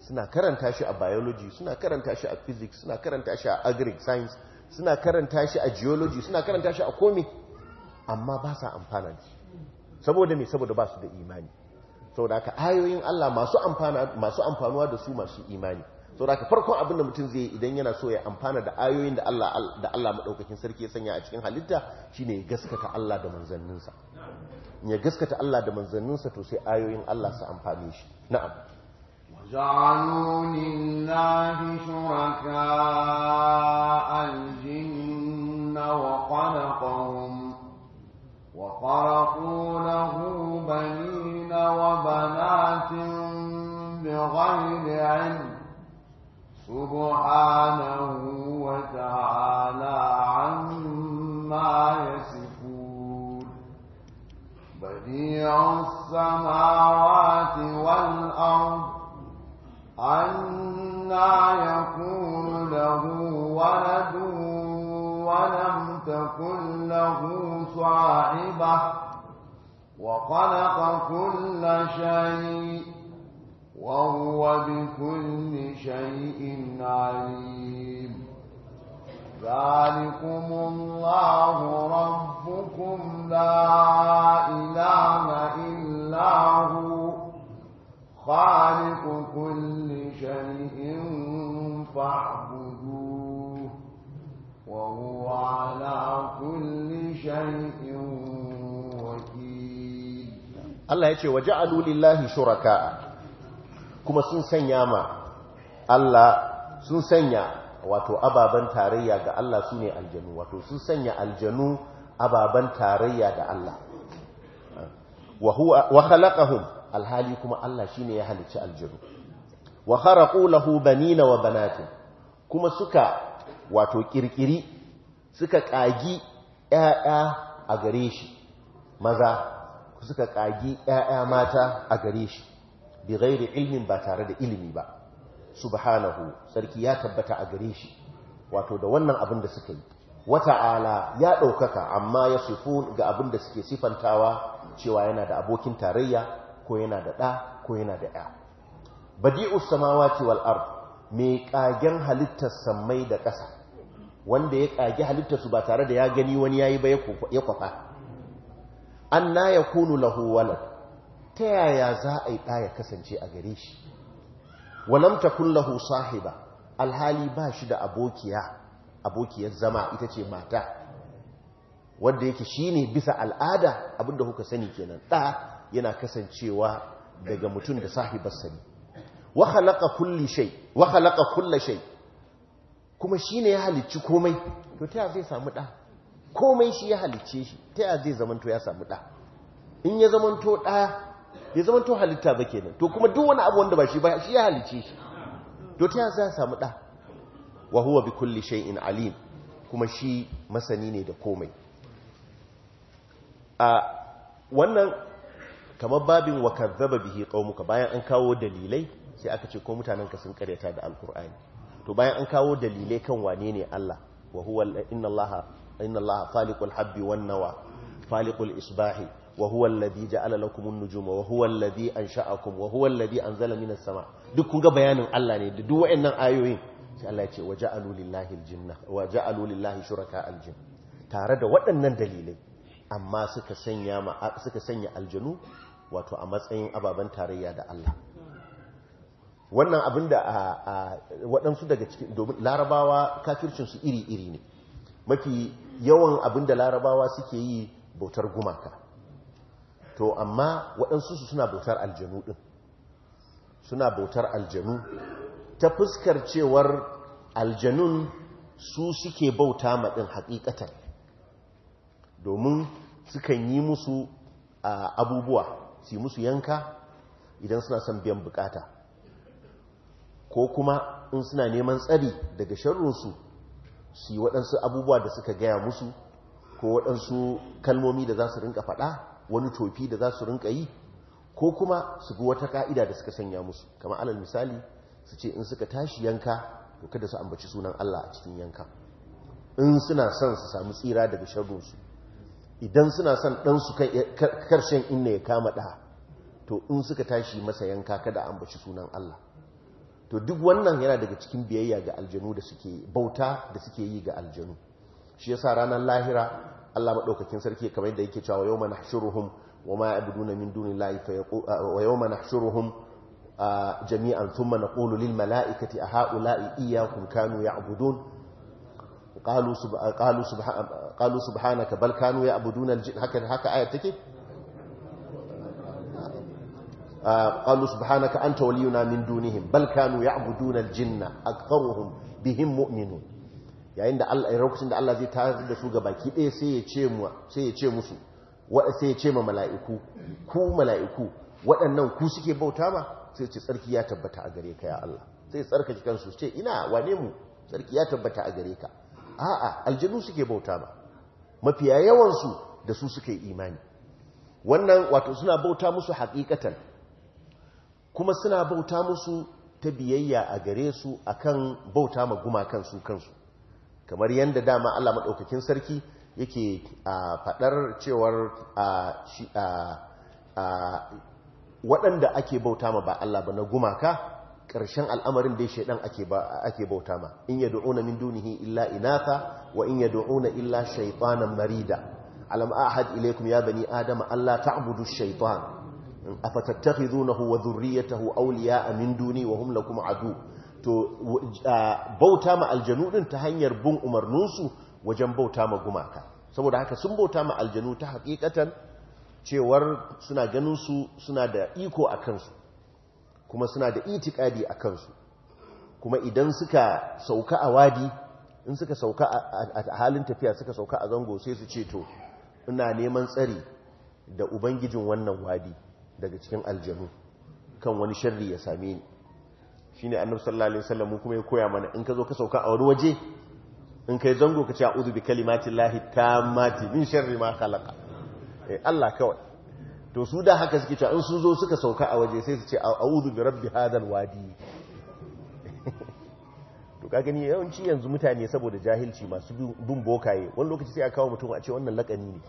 suna karanta shi a biology suna karanta shi a physics suna karanta shi a agric science suna karanta shi a geology suna karanta shi a komi amma ba sa amfana da shi saboda me saboda ba su da imani saboda aka ayoyin Allah masu amfana masu amfanuwa da su masu imani saboda aka farkon abin da mutum zai idan yana so ya amfana da ayoyin da Allah da Allah madaukakin sarki ya sanya a cikin halitta shine ya gaskata Allah da manzanninsa ya gaskata Allah da manzanninsa to sai ayoyin Allah su amfane shi na'am وجعلوا لله شركاء الجن وخلقهم وخلقوا له بنين وبنات بغير علم سبحانه وتعالى عما يصفون بديع السماوات والأرض أنا يكون له ولد ولم تكن له صاحبة وخلق كل شيء وهو بكل شيء عليم ذلكم الله ربكم لا إله إلا هو خالق كل شيء فاعبد على كل شيء وكيل الله يتي وجعلوا لله شركاء كما سن سنيا ما الله sun سنيا wato ababan tarayya ga Allah su ne aljanu wato sun sanya aljanu ababan tarayya da Allah wa khalaqahum alhali kuma Allah shi ne ya halicci aljanu wa kharaqu lahu banina wa banatin kuma suka wato kirkiri suka ƙagi ‘ya'ya a gare shi maza suka ƙagi ‘ya'ya mata a gare shi bi gairi ilmin ba tare da ilimi ba subhanahu sarki ya tabbata a gare shi wato da wannan abin da suka yi Wata wata'ala ya ɗaukaka amma ya sufu ga abin da suke sifantawa cewa yana da abokin tarayya ko yana da ɗa ko yana da ‘ya badi'us samawa wal ard mai ƙagen halittar sammai da ƙasa wanda ya kage halittarsu ba tare da ya gani wani yayi ba ya kwafa ya kunu lahu walad ta yaya za a yi ya kasance a gare shi walam takun lahu sahiba alhali ba shi da abokiya abokiyar zama ita ce mata wanda yake shine bisa al'ada abinda kuka sani kenan ɗa yana kasancewa daga mutum da sahibar sani wa khalaqa kulli shay wa khalaqa kulli shay kuma shi ne ya halicci komai to ta zai samu ɗa komai shi ya halicce shi ta zai zamanto ya samu ɗa in ya zamanto ɗa ya zamanto halitta ba nan, to kuma duk wani abu wanda ba shi ba shi ya halicce shi to ta zai samu ɗa wa huwa bi kulli shay'in alim kuma shi masani ne da komai a wannan kamar babin wa kazzaba bihi qaumuka bayan an kawo dalilai sai aka ce ko ka sun karyata da alkur'ani to bayan an kawo dalilai kan wane ne Allah wa huwa inna Allah inna Allah faliqul habbi wan nawa faliqul isbahi wa huwa alladhi ja'ala lakum an-nujuma wa huwa alladhi ansha'akum wa huwa alladhi anzala minas sama duk kun ga bayanin Allah ne da duk wayannan ayoyin sai Allah ya ce wa ja'alu lillahi al-jinna wa ja'alu lillahi shuraka al tare da waɗannan dalilai amma suka sanya suka sanya aljanu wato a matsayin ababen tarayya da Allah wannan abin da waɗansu daga cikin domin larabawa kafircinsu iri-iri ne mafi yawan abin da larabawa suke yi bautar gumaka to amma waɗansu suna bautar aljanu ɗin suna bautar aljanu ta fuskar cewar aljanun su suke bauta maɗin haƙiƙatan domin sukan yi musu abubuwa su musu yanka idan suna son biyan buƙata. ko kuma in suna neman tsari daga sharrunsu su yi waɗansu abubuwa da suka gaya musu ko waɗansu kalmomi da za su rinka faɗa wani tofi da za su rinka yi ko kuma su bi wata ka'ida da suka sanya musu kamar alal misali su ce in suka tashi yanka to kada su ambaci sunan Allah a cikin yanka in suna son su samu tsira daga sharrunsu idan suna son ɗansu karshen inna ya kama ɗa to in suka tashi masa yanka kada ambaci sunan Allah to duk wannan yana daga cikin biyayya ga aljanu da suke bauta da suke yi ga aljanu shi yasa ranar lahira Allah madaukakin sarki kamar yadda yake cewa yawma nahshuruhum wama ya'buduna min dunillahi fa wa yawma nahshuruhum jami'an thumma naqulu lil mala'ikati a ha'ula'i iyyakum kanu ya'budun qalu subhanaka bal kanu ya'buduna haka haka ayat take qalu subhanaka anta waliyuna min dunihim bal kanu ya'buduna al-jinna aktharuhum bihim mu'minun yayin da Allah ya lokacin da Allah zai tayar da su ga baki ɗaya sai ya ce mu sai ya ce musu sai ya ce ma mala'iku ku mala'iku waɗannan ku suke bauta ma sai ce tsarki ya tabbata a gare ka ya Allah sai tsarka tsarkake su ce ina wane mu tsarki ya tabbata a gare ka a'a aljanu suke bauta ma mafiya yawansu da su suke imani wannan wato suna bauta musu haƙiƙatan kuma suna bauta musu ta biyayya a gare su akan bauta ma gumakan su kansu kamar yadda dama Allah maɗaukakin sarki yake a faɗar cewar waɗanda ake bauta ma ba Allah ba na gumaka ƙarshen al'amarin dai shaidan ake bauta ma in ya du'una min dunihi illa inata wa in ya da'una illa shaitanan marida alam'ahad ilaikum ya bani adama Allah ta'budu shaitan afatattakhizunahu wa dhurriyyatahu awliya'a min duni wa hum lakum adu to bauta ma aljanu din ta hanyar bin umarninsu wajen bauta ma gumaka saboda haka sun bauta ma aljanu ta hakikatan cewar suna ganin su suna da iko a kansu kuma suna da itikadi a kansu kuma idan suka sauka a wadi in suka sauka a halin tafiya suka sauka a zango sai su ce to ina neman tsari da ubangijin wannan wadi daga cikin aljanu kan wani sharri ya same ni shine annabi sallallahu alaihi wasallam mu kuma ya koya mana in ka zo ka sauka a wani waje in kai zango ka ce a'udhu bi kalimatillahi tammati min sharri ma khalaqa eh Allah kawai to su da haka suke cewa in sun zo suka sauka a waje sai su ce a'udhu bi rabbi hadal wadi <laughs> to ka gani yawanci yanzu mutane saboda jahilci masu bin bokaye wani lokaci sai a kawo mutum a ce wannan lakani ne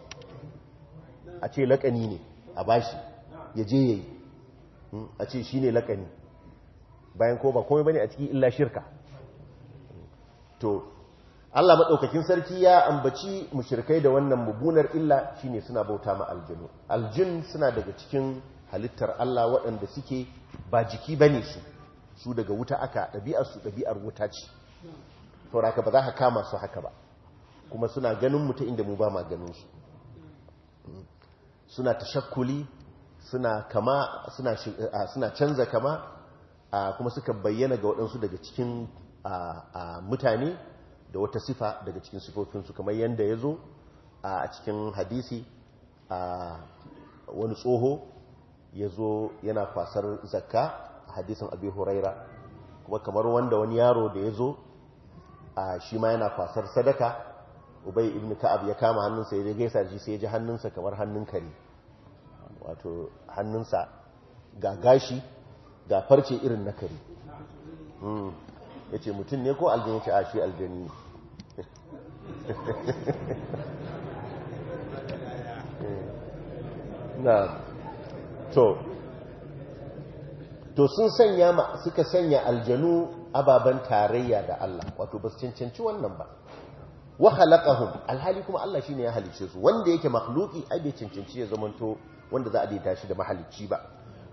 a ce lakani ne a bashi ya je ya yi hmm, a ce shi ne laƙani bayan ko ba komai ba a ciki illa shirka to allah maɗaukakin sarki ya ambaci mushirkai da wannan mabunar illa shi ne suna bauta ma aljinu aljin suna daga cikin halittar allah waɗanda suke ba jiki ba ne su su daga wuta aka ɗabi'arsu ɗabi'ar wuta ce sauraka ba za ka kama su haka ba kuma suna ganin mutu ta inda mu ba ma ganin su hmm, suna shakkuli suna kama suna canza kama kuma suka bayyana ga waɗansu daga cikin mutane da wata sifa daga cikin sifofinsu kamar yadda ya zo a cikin hadisi wani tsoho ya zo yana kwasar zakka a hadisin abu huraira kuma kamar wanda wani yaro da ya zo shi ma yana kwasar sadaka ubai ibn ka'ab ya kama hannunsa ya gaisa shi sai ya ji hannunsa kamar hannun kare wato hannunsa ga gashi ga farce irin na kare hmm. ya ce mutum ne ko aljani ce a shi aljani <laughs> na to to sun sanya ma suka sanya aljanu ababen tarayya da Allah wato ba su cancanci wannan ba wa halakahum alhali kuma Allah shi ne ya halice su wanda yake makhluki ai bai cancanci ya zamanto wanda za a daita shi da mahalicci ba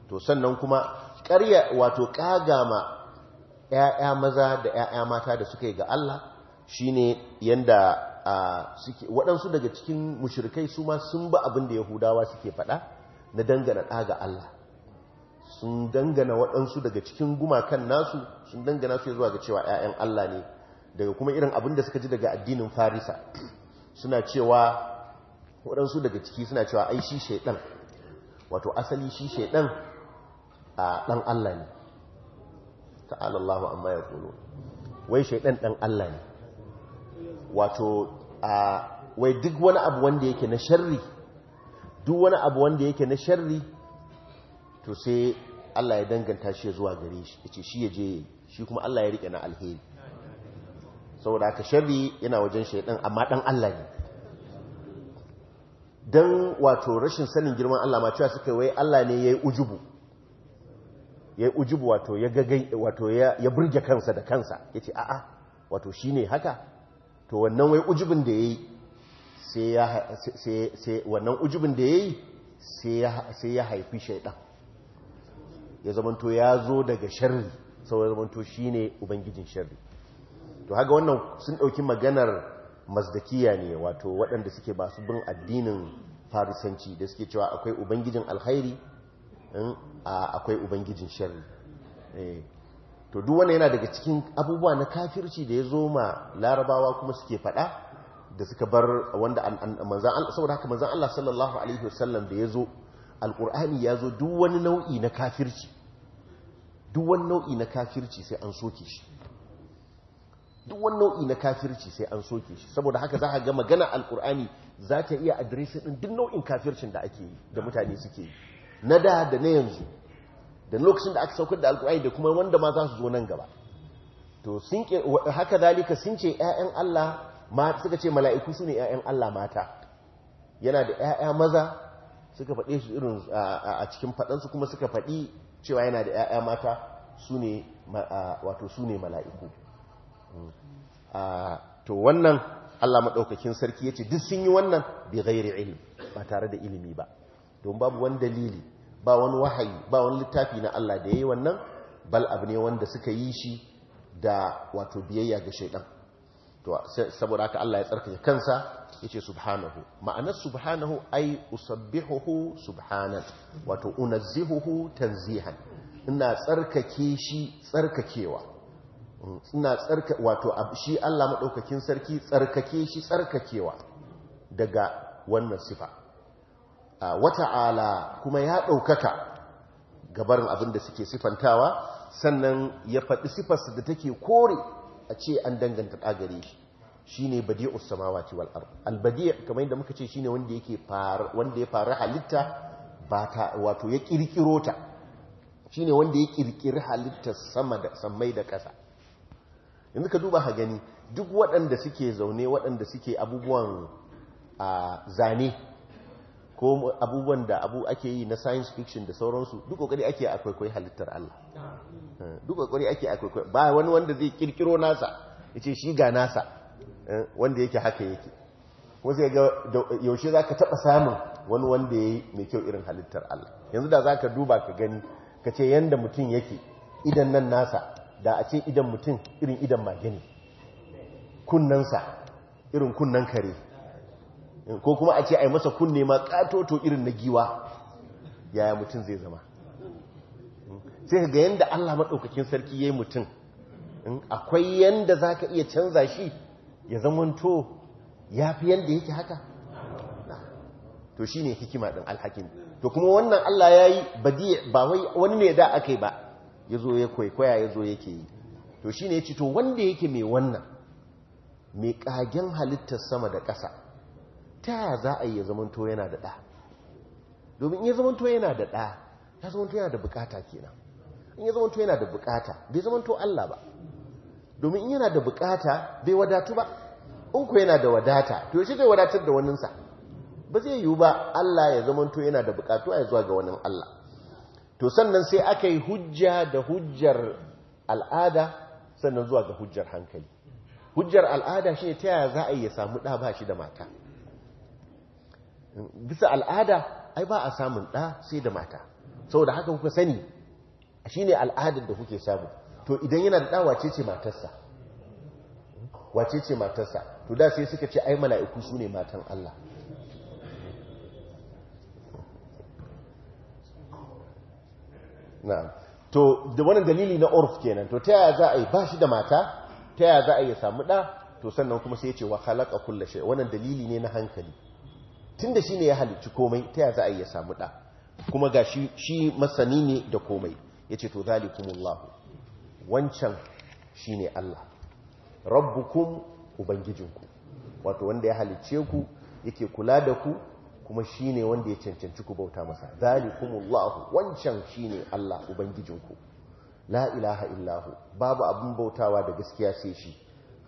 to sannan kuma karya wato ƙagama ‘ya'ya maza da ‘ya'ya mata da suka yi ga Allah shi ne yadda waɗansu daga cikin mushirikai su ma sun ba abin da yahudawa suke faɗa na dangana ɗaga Allah sun dangana waɗansu daga cikin gumakan nasu sun dangana su zuwa ga cewa ‘ya'yan Allah ne daga kuma irin abin da suka ji daga addinin farisa suna cewa waɗansu daga ciki suna cewa ai shi shaiɗan wato asali shi shaidan a dan Allah ne ta'ala Allahu amma ya kulu wai shaidan dan Allah ne wato a wai duk wani abu wanda yake na sharri duk wani abu wanda yake na sharri to sai Allah ya danganta shi zuwa gare shi yace shi ya je shi kuma Allah ya rike na alheri saboda haka sharri yana wajen shaidan amma dan Allah ne don wato rashin sanin girman Allah ma cewa suka wai Allah ne ya yi ujubu ya yi ujubu wato ya gagai wato ya burge kansa da kansa ya ce a'a wato shi ne haka to wannan wai ujubin da ya yi sai ya haifi shaidan ya zamanto ya zo daga sharri sau ya zamanto shi ne ubangijin sharri to haka wannan sun ɗauki maganar mazdakiya ne wato waɗanda suke ba su bin addinin farisanci da suke cewa akwai ubangijin hmm, a akwai ubangijin shari eh, to duk wanda yana daga cikin abubuwa na kafirci da ya zo ma larabawa kuma suke faɗa da suka bar wanda saboda haka manzan Allah sallallahu alaihi wasallam da ya zo alkur'ani ya zo duk wani nau'i na kafirci duk wani nau'i na kafirci sai an soke shi duk wani nau'i na kafirci sai an soke shi saboda haka za ka ga magana alkur'ani za ta iya adresi ɗin duk nau'in kafircin da ake yi da mutane suke yi na da da na yanzu da lokacin da aka saukar da alkur'ani da kuma wanda ma za su zo nan gaba to haka zalika sun ce 'ya'yan Allah ma suka ce mala'iku su ne 'ya'yan Allah mata yana da 'ya'ya maza suka faɗe su irin a cikin faɗansu kuma suka faɗi cewa yana da yaya mata wato su ne mala'iku to wannan Allah maɗaukakin sarki ya ce duk sun yi wannan bi gairi ilm ba tare da ilimi ba don babu wani dalili ba wani wahayi ba wani littafi na Allah da ya yi wannan bal abu ne wanda suka yi shi da wato biyayya ga shaidan to saboda haka Allah ya tsarkake kansa ce subhanahu ma'anar subhanahu ai usabbihuhu subhanan wato unazzihuhu tanzihan ina tsarkake shi tsarkakewa suna tsarka wato shi Allah maɗaukakin sarki tsarkake shi tsarkakewa daga wannan sifa ala kuma ya ɗaukaka gabarin abin da suke sifantawa sannan ya faɗi sifarsa da take kore a ce an danganta ɗagare shi shi ne badi usama wace al albadi kamar yadda muka ce shi wanda wanda ya faru halitta ba wato ya ƙirƙiro ta Shi ne wanda ya ƙirƙiri halittar sama da sammai da ƙasa yanzu ka duba ha gani duk waɗanda suke zaune waɗanda suke abubuwan zane ko abubuwan da abu ake yi na science fiction da sauransu duk kokari ake kwaikwai halittar Allah eh, duk kokari ake kwaikwai ba wani wanda zai kirkiro nasa yace shi ga nasa eh, wanda yake haka yake wasu sai ga yaushe zaka taɓa samun wani wanda ya yi mai kyau irin halittar Allah yanzu da za ka duba ka gani ka ce yanda mutum yake idan nan nasa da a ce idan mutum irin idan mage ne kunnansa irin kunnan kare ko kuma a ce a yi masa kunne ma katoto irin na giwa yaya mutum zai zama sai ga yadda Allah maɗaukakin sarki ya yi mutum akwai yadda za ka iya canza shi ya zamanto ya fi yadda yake haka to shi ne hikima ɗin alhakin to kuma wannan Allah ya yi ba wani ne da aka yi ba ya zo ya kwaikwaya ya zo yake yi to shi ne ya ce to wanda yake mai wannan mai ƙagen halittar sama da ƙasa ta yaya za a yi ya zamanto yana da ɗa domin ya zamanto yana da ɗa ya zamanto yana da bukata kenan in ya zamanto yana da bukata bai zamanto Allah ba domin in yana da bukata bai wadatu ba in ku yana da wadata to shi zai wadatar da waninsa ba zai yiwu ba Allah ya zamanto yana da bukatu a zuwa ga wani Allah to sannan sai aka yi hujja da hujjar al'ada sannan zuwa ga hujjar hankali hujjar al'ada shi ne ta yaya za a yi ya samu ɗa ba shi da mata bisa al'ada ai ba a samun ɗa sai da mata saboda haka kuka sani shi ne al'adar da kuke samu to idan yana da ɗa wace ce matarsa wace ce matarsa to da sai suka ce ai mala'iku su ne matan Allah to da wani dalili na urf kenan to ta yaya za a yi ba shi da mata ta yaya za a yi samu ɗa to sannan kuma sai ya ce wa halaka kulla shi wannan dalili ne na hankali tunda shi ne ya halicci komai ta yaya za a yi ya samu ɗa kuma ga shi masani ne da komai ya ce to zalikumullahu wancan shi ne Allah rabbukum ubangijinku wato wanda ya halicce ku yake kula da ku kuma shi ne wanda ya cancanci ku bauta masa zalikumullahu wancan shi ne Allah ubangijinku la ilaha illahu babu abin bautawa da gaskiya sai shi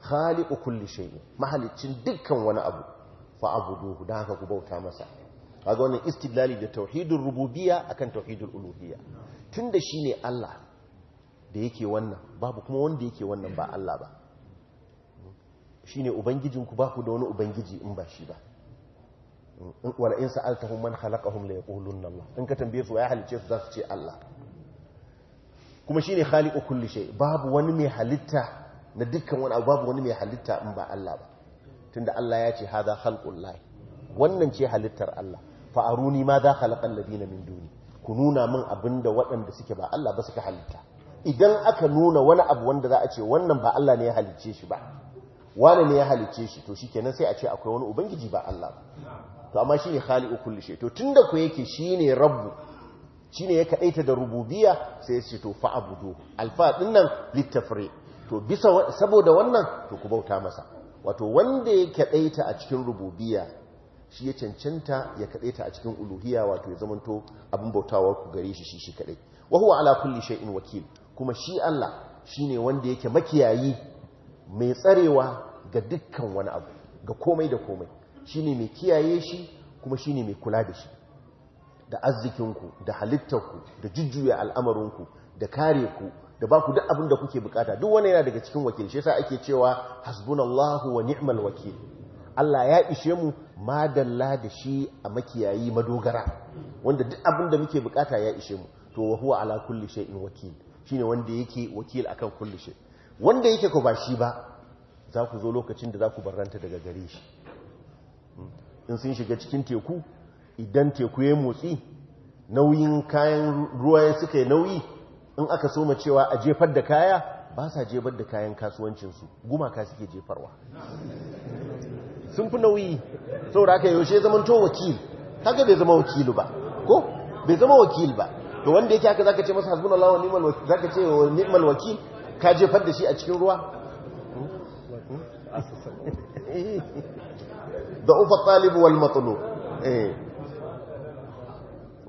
khaliqu kulli shay'in mahalicin dukkan wani abu fa abuduhu dan haka ku bauta masa kaga wannan istidlali da tauhidur rububiyya akan tauhidul uluhiyya tunda ne Allah da yake wannan babu kuma wanda yake wannan ba Allah ba ne ubangijinku ba ku da wani ubangiji in ba shi ba wala in sa'altahum man khalaqahum la yaqulunna Allah in ka tambaye su ya halice su za su ce Allah kuma shine khaliqu kulli shay babu wani mai halitta na dukkan wani abu babu wani mai halitta in ba Allah ba tunda Allah ya ce hadha khalqullah wannan ce halittar Allah fa aruni ma za khalaqal ladina min duni ku nuna min abinda waɗanda suke ba Allah ba suka halitta idan aka nuna wani abu wanda za a ce wannan ba Allah ne ya halicce shi ba wani ne ya halicce shi to shikenan sai a ce akwai wani ubangiji ba Allah to amma shine khaliqu kulli shay to tunda ku yake shine rabbu shine ya kadaita da rububiyya sai ce to fa abudu alfa dinnan littafire, to bisa saboda wannan to ku bauta masa wato wanda ya kadaita a cikin rububiya shi ya cancanta ya kadaita a cikin uluhiyya wato ya zamanto abin bautawar ku gare shi shi shi kadai wa huwa ala kulli shay'in wakil kuma shi Allah shine wanda yake makiyayi mai tsarewa ga dukkan wani abu ga komai da komai Shi ne mai kiyaye shi kuma shi ne mai kula da shi da arzikinku da halittarku da jujjuya al'amarinku da kare ku da ba ku duk abin da kuke bukata duk wani yana daga cikin wakil shi yasa ake cewa hasbunallahu wa ni'mal wakil Allah ya ishe mu madalla da shi a makiyayi madogara wanda duk abin da muke bukata ya ishe mu to wa huwa ala kulli shay'in wakil shine wanda yake wakil akan kulli shay wanda yake ko ba shi ba za ku zo lokacin da za ku barranta daga gare shi Mm. in sun shiga cikin teku idan teku ya motsi nauyin kayan ruwa ya suka yi nauyi in aka soma cewa a jefar da kaya ba sa jefar da kayan kasuwancinsu gumaka suke jefarwa sun fi nauyi saboda aka yaushe zaman to wakil haka bai zama wakilu ba ko bai zama wakil ba to wanda yake haka zaka ce masa hasbunallahu wa ni'mal wakil zaka ce wa ni'mal wakil ka jefar da shi a cikin ruwa hmm? Hmm? <laughs> ضعف الطالب والمطلوب إيه.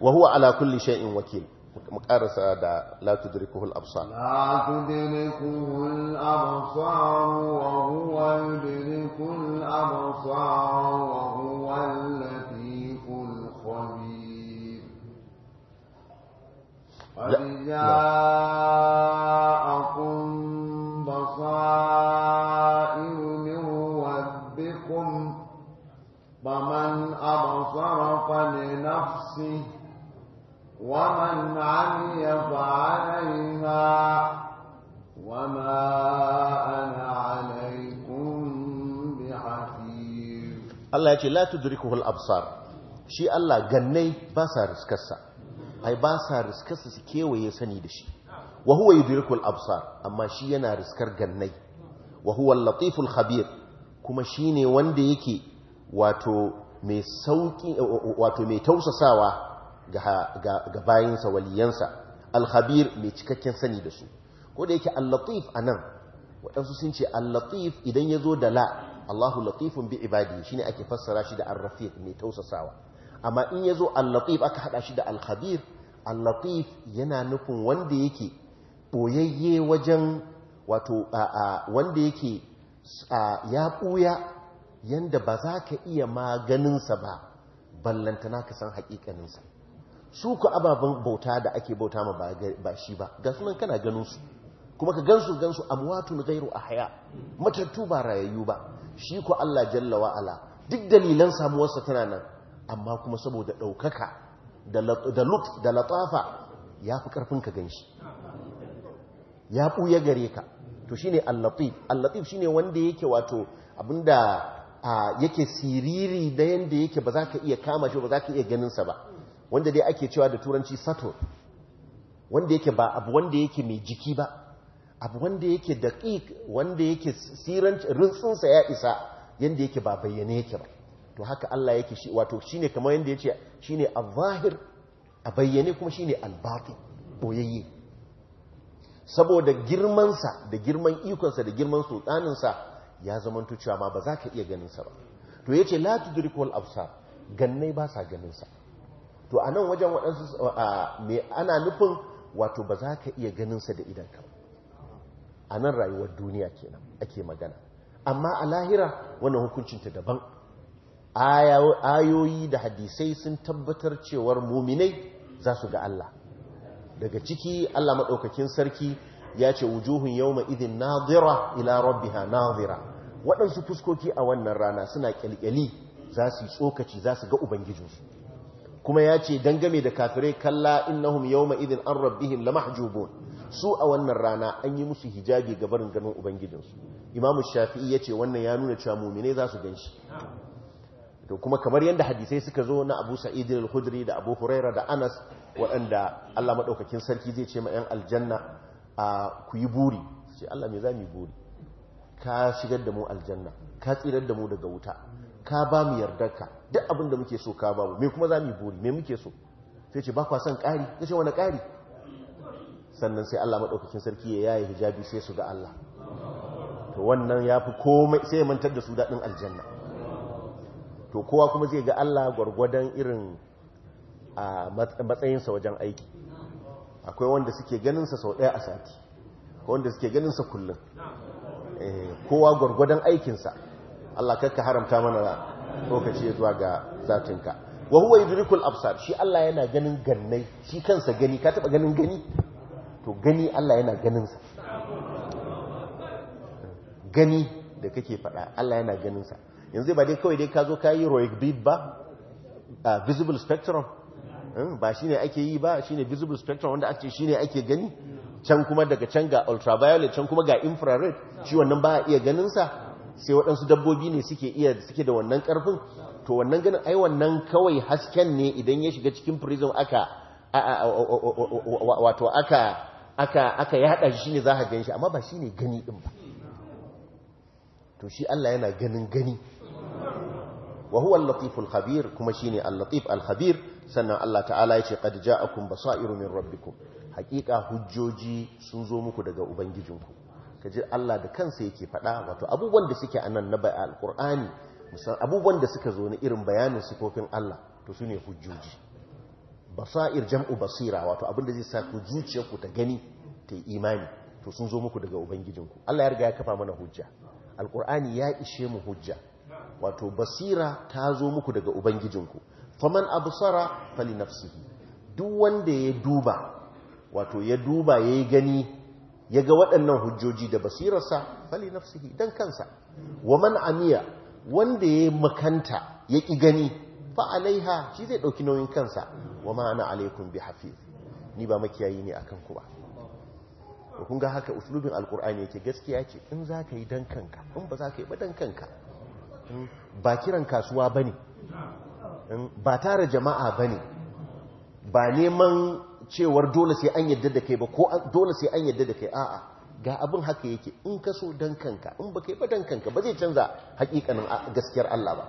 وهو على كل شيء وكيل مقارسة لا تدركه الأبصار لا تدركه الأبصار وهو يدرك الأبصار وهو اللطيف الخبير قد خلق لنفسه ومن عمي فعليها وما أنا عليكم بحفيظ الله يقول لا تدركه الأبصار shi Allah gannai basa riskarsa ai ba sa riskarsa kewaye sani da shi wa huwa yudrikul absar amma shi yana riskar gannai wa huwa al-latiful khabir kuma shine wanda yake wato mai sauƙi eh, wato mai tausasawa ga bayansa waliyansa alhabir mai cikakken sani da su ko da yake al a nan, waɗansu sun ce al idan ya zo da la Allahu latifun bi ibadi shine ake fassara shi da ar mai tausasawa amma in ya zo al aka haɗa shi da alhabir allatif yana nufin wanda yake ɓoyayye wajen wato wanda yake ya ɓuya yanda ba za ka iya maganinsa ba ballantana ka san haƙiƙaninsa su ku ababen bauta da ake bauta ma ba shi ba ga sunan kana ganinsu kuma ka gansu gansu a na gairu a haya matattu ba rayayyu ba shi ku Allah jalla wa'ala duk dalilan samuwarsa tana nan amma kuma saboda ɗaukaka da lut da latafa ya fi karfin ka gan ya ɓuya gare ka to shine al-latif al-latif shine wanda yake wato abinda a yake siriri da yadda yake ba za ka iya kama shi ba za ka iya ganinsa ba wanda dai ake cewa da turanci sator wanda yake ba abu wanda yake mai jiki ba abu wanda yake daƙiƙ wanda yake rinsunsa ya isa yadda yake ba bayyane yake ba to haka Allah yake shi wato shi ne kamar ce yace ne a zahir a bayyane kuma shi ne batin boyayye saboda girmansa da girman ikonsa da girman sultaninsa ya zamanto cewa ma ba za ka iya ganinsa ba to yace ce la tudrikul absar gannai ba sa ganinsa to a nan wajen waɗansu me ana nufin wato ba za ka iya ganinsa da ka a nan rayuwar duniya kenan ake magana amma a lahira wannan ta daban ayoyi da hadisai sun tabbatar cewar muminai za su ga Allah daga ciki Allah maɗaukakin sarki ya ce wujuhun yauma idin nazira ila rabbi ha nazira waɗansu fuskoki a wannan rana suna kyalkyali za su yi tsokaci za su ga ubangijinsu kuma ya ce dangame da kafirai kalla innahum yauma idin an rabbihim lamahjubun su a wannan rana an yi musu hijabi ga barin ganin ubangijinsu imamu shafi'i ya ce wannan ya nuna cewa mumine za su gan shi to kuma kamar yadda hadisai suka zo na Abu sa'idin al da Abu Huraira da Anas waɗanda Allah maɗaukakin sarki zai ce ma 'yan aljanna ku yi buri sai Allah mai za mu yi buri ka shigar da mu aljanna ka tsirar da mu daga wuta ka ba mu ka. duk abin da muke so ka ba mu me kuma za mu yi buri me muke so sai ce ba kwa son ƙari ya ce wani ƙari sannan sai Allah maɗaukakin sarki ya yaye hijabi sai su ga Allah to wannan ya fi komai sai ya mantar da su daɗin aljanna to kowa kuma zai ga Allah gwargwadon irin a matsayinsa wajen aiki akwai wanda suke ganinsa sau ɗaya a sati wanda suke ganinsa kullum eh, kowa gwargwadon aikinsa Allah kakka haramta mana lokaci ya zuwa ga zatinka wa huwa yudrikul absar shi Allah yana ganin gannai shi kansa gani ka taba ganin gani to gani Allah yana ganin sa. gani da kake faɗa Allah yana ganin sa. yanzu ba dai kawai dai ka zo ka yi roig bid ba visible spectrum Eh, ba shi ne ake yi ba shi ne visible spectrum wanda ake shi ne ake gani can kuma daga can ga ultraviolet can kuma ga infrared shi wannan ba iya ganin sa sai waɗansu dabbobi ne suke iya suke da wannan ƙarfin to wannan ganin ai wannan kawai hasken ne idan ya shiga cikin prism aka wato aka aka aka yada shi ne za a gan shi amma ba shi ne gani ɗin ba to shi Allah yana ganin gani wa huwa al-latif al-khabir kuma shine al-latif al-khabir sannan Allah ta'ala Ya ce qad ja'akum basairu min rabbikum hakika hujjoji sun zo muku daga ubangijinku kaji Allah da kansa yake faɗa wato abubuwan da suke nan na bayan alqur'ani abubuwan da suka zo na irin bayanin sifofin Allah to sune hujjoji basair jam'u basira wato abin da zai sa ku zuciyarku ta gani ta imani to sun zo muku daga ubangijinku Allah ya riga ya kafa mana hujja alqur'ani ya ishe mu hujja wato basira ta zo muku daga ubangijinku faman absara fali nafsihi duk wanda ya duba wato ya duba yayi gani ya ga waɗannan hujjoji da basirarsa fali nafsihi dan kansa waman amiya wanda ya makanta ya ƙi gani fa alaiha shi zai ɗauki nauyin kansa wa ana alaikum bi hafiz ni ba makiyayi ne akan ku ba kun ga haka uslubin alkur'ani yake gaskiya ce in za ka yi dan kanka in ba za ka yi ba dan kanka ba kiran kasuwa ba ne ba tara jama'a ba ne ba neman cewar dole sai an yadda da kai ba ko dole sai an yadda da kai a ga abin haka yake in ka so don kanka in ba kai ba don kanka ba zai canza hakikanin gaskiyar Allah ba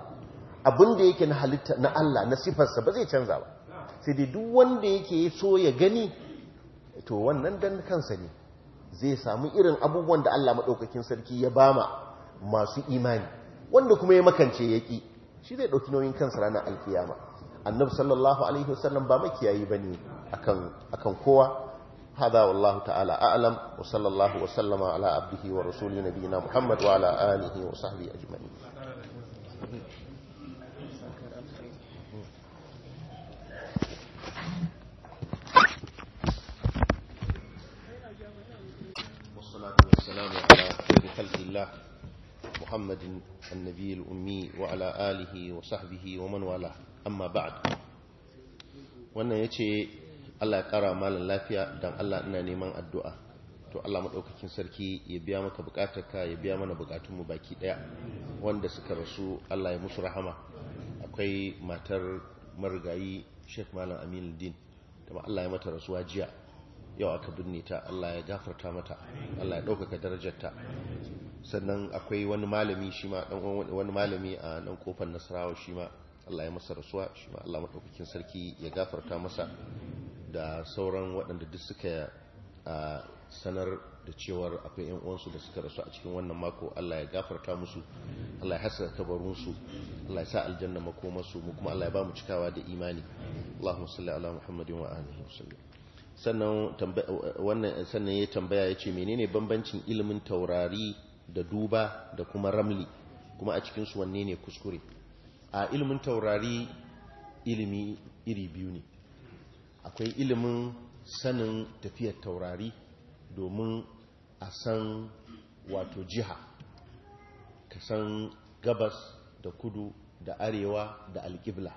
abin da yake na halitta na Allah na sifarsa ba zai canza ba sai dai duk wanda yake so ya gani to wannan dan kansa ne zai samu irin abubuwan da Allah maɗaukakin sarki ya bama masu imani wanda kuma ya makance ya ƙi shi zai ɗauki nauyin kansa ranar alkiyama annabi sallallahu alaihi wasallam ba makiyayi ba ne akan kowa هذا والله تعالى أعلم وصلى الله وسلم على عبده ورسوله نبينا محمد وعلى ala وصحبه wa والصلاة والسلام الله محمد النبي الأمي وعلى آله وصحبه ومن والاه أما بعد wannan ya ce Allah ya ƙara malin lafiya dan Allah ina neman addu'a to Allah maɗaukakin sarki ya biya maka bukatarka ya biya mana bukatun mu baki ɗaya wanda suka rasu Allah ya musu rahama akwai matar marigayi Sheikh Malam aminuddin Din da Allah ya mata rasuwa jiya yau aka binne ta Allah ya gafarta mata Allah ya daukaka darajarta sannan akwai wani malami shi ma wani malami a nan kofar nasarawa shi ma Allah ya masa rasuwa shi ma Allah maɗaukakin sarki ya gafarta masa da sauran waɗanda duk suka sanar da cewar akwai yan uwansu da suka rasu a cikin wannan mako Allah ya gafarta musu Allah ya hasa kabarunsu Allah ya sa aljanna makomarsu mu kuma Allah ya ba mu cikawa da imani Allahumma salli ala Muhammadin wa alihi wa sallam sannan wannan sannan ya ce menene bambancin ilimin taurari da duba da kuma ramli kuma a cikin su wanne ne kuskure a ilimin taurari ilimi iri biyu ne akwai ilimin sanin tafiyar taurari domin a san wato jiha ka san gabas da kudu da arewa da alƙibla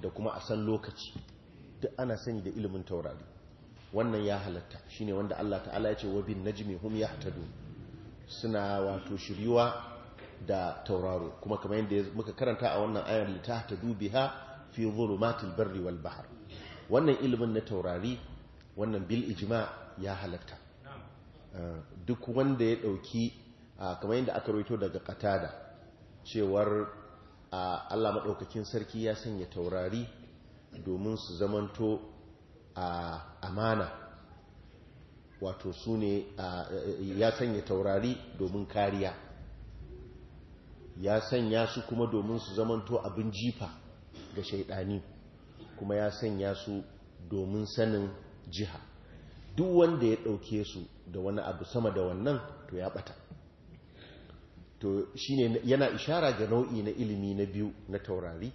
da kuma a san lokaci duk ana sani da ilimin taurari wannan ya halatta shine wanda Allah ta'ala ya ce wa bin najmi hum yahtadu suna wato shiryuwa da tauraro kuma kamar yadda muka karanta a wannan ayar li tahtadu biha fi dhulumatil barri wal bahr wannan ilimin na taurari wannan bil ijma ya halatta duk wanda ya dauki kamar yadda aka rawaito daga katada cewar Allah madaukakin sarki ya sanya taurari domin su zamanto a amana wato su ne ya sanya taurari domin kariya ya sanya su kuma domin su zamanto abin jifa ga shaidani kuma ya sanya su domin sanin jiha duk wanda ya ɗauke su da wani abu sama da wannan to ya ɓata to shine yana ishara ga nau'i na ilimi na biyu na taurari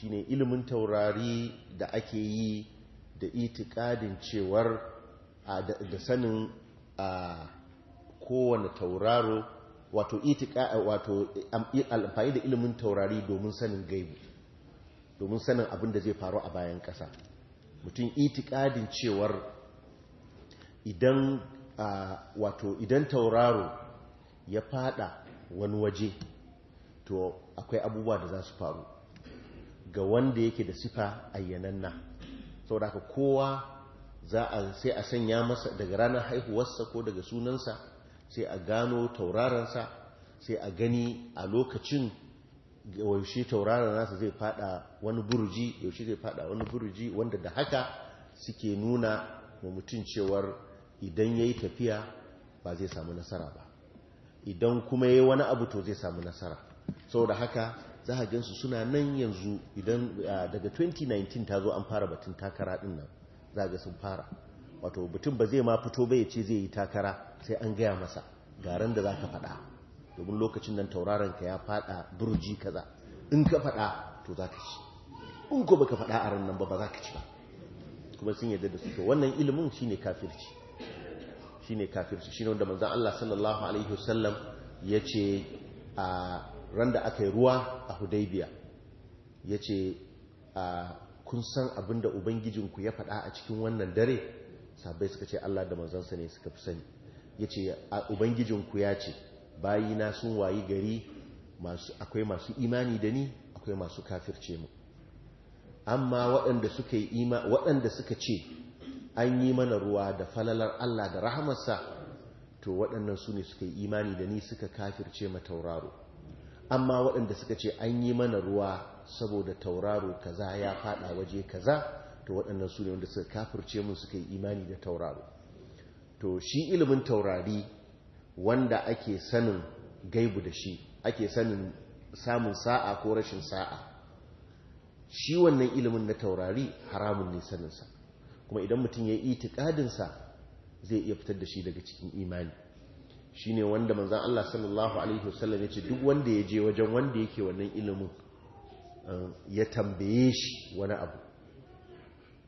shine ilimin taurari da ake yi da itikadin cewar da sanin kowane tauraro wato wato amfani da ilimin taurari domin sanin gaibu domin sanin abin da zai faru a bayan ƙasa mutum itikadin cewar idan wato idan tauraro ya fada wani waje to akwai abubuwa da za su faru ga wanda yake da sifa ayyananna saboda haka kowa za a sai a sanya masa daga ranar haihuwarsa ko daga sunansa sai a gano tauraransa sai a gani a lokacin yaushe tauraran nasa zai fada wani burji yaushe zai fada wani burji wanda da haka suke nuna ma mutum cewar idan ya yi tafiya ba zai samu nasara ba idan kuma ya yi wani abu to zai samu nasara saboda haka za gansu suna nan yanzu idan daga 2019 ta zo an fara batun takara din nan za ga sun fara wato batun ba zai ma fito bai ce zai yi takara sai an gaya masa garan da za ka faɗa domin lokacin nan tauraron ka ya faɗa burji kaza in ka faɗa to za ka ci in ko baka faɗa a ran nan ba ba za ka ci ba kuma sun yarda da su to wannan ilimin shine kafirci shine kafirci shine wanda manzon Allah sallallahu alaihi wasallam yace a Randa da aka yi ruwa a hudaibiya ya ce kun san abin da ubangijinku ya faɗa a cikin wannan dare sabai suka ce Allah da manzansa ne suka fi sani ya ce ubangijinku ya ce bayina sun wayi gari akwai masu imani da ni akwai masu kafirce mu amma waɗanda suka ce an yi mana ruwa da falalar Allah da rahamarsa to waɗannan su ne suka yi imani da ni suka kafirce ma tauraro amma waɗanda suka ce an yi mana ruwa saboda tauraro kaza ya faɗa waje kaza to waɗannan su ne wanda suka kafirce mun suka yi imani da tauraro to shi ilimin taurari wanda ake sanin gaibu da shi ake sanin samun sa'a ko rashin sa'a shi wannan ilimin na taurari haramun ne saninsa kuma idan mutum ya yi itikadinsa zai iya fitar da shi daga cikin imani Shi ne wanda manzan Allah sallallahu alaihi wasallam ce duk wanda ya je wajen wanda yake wannan ilimin um, ya tambaye shi wani abu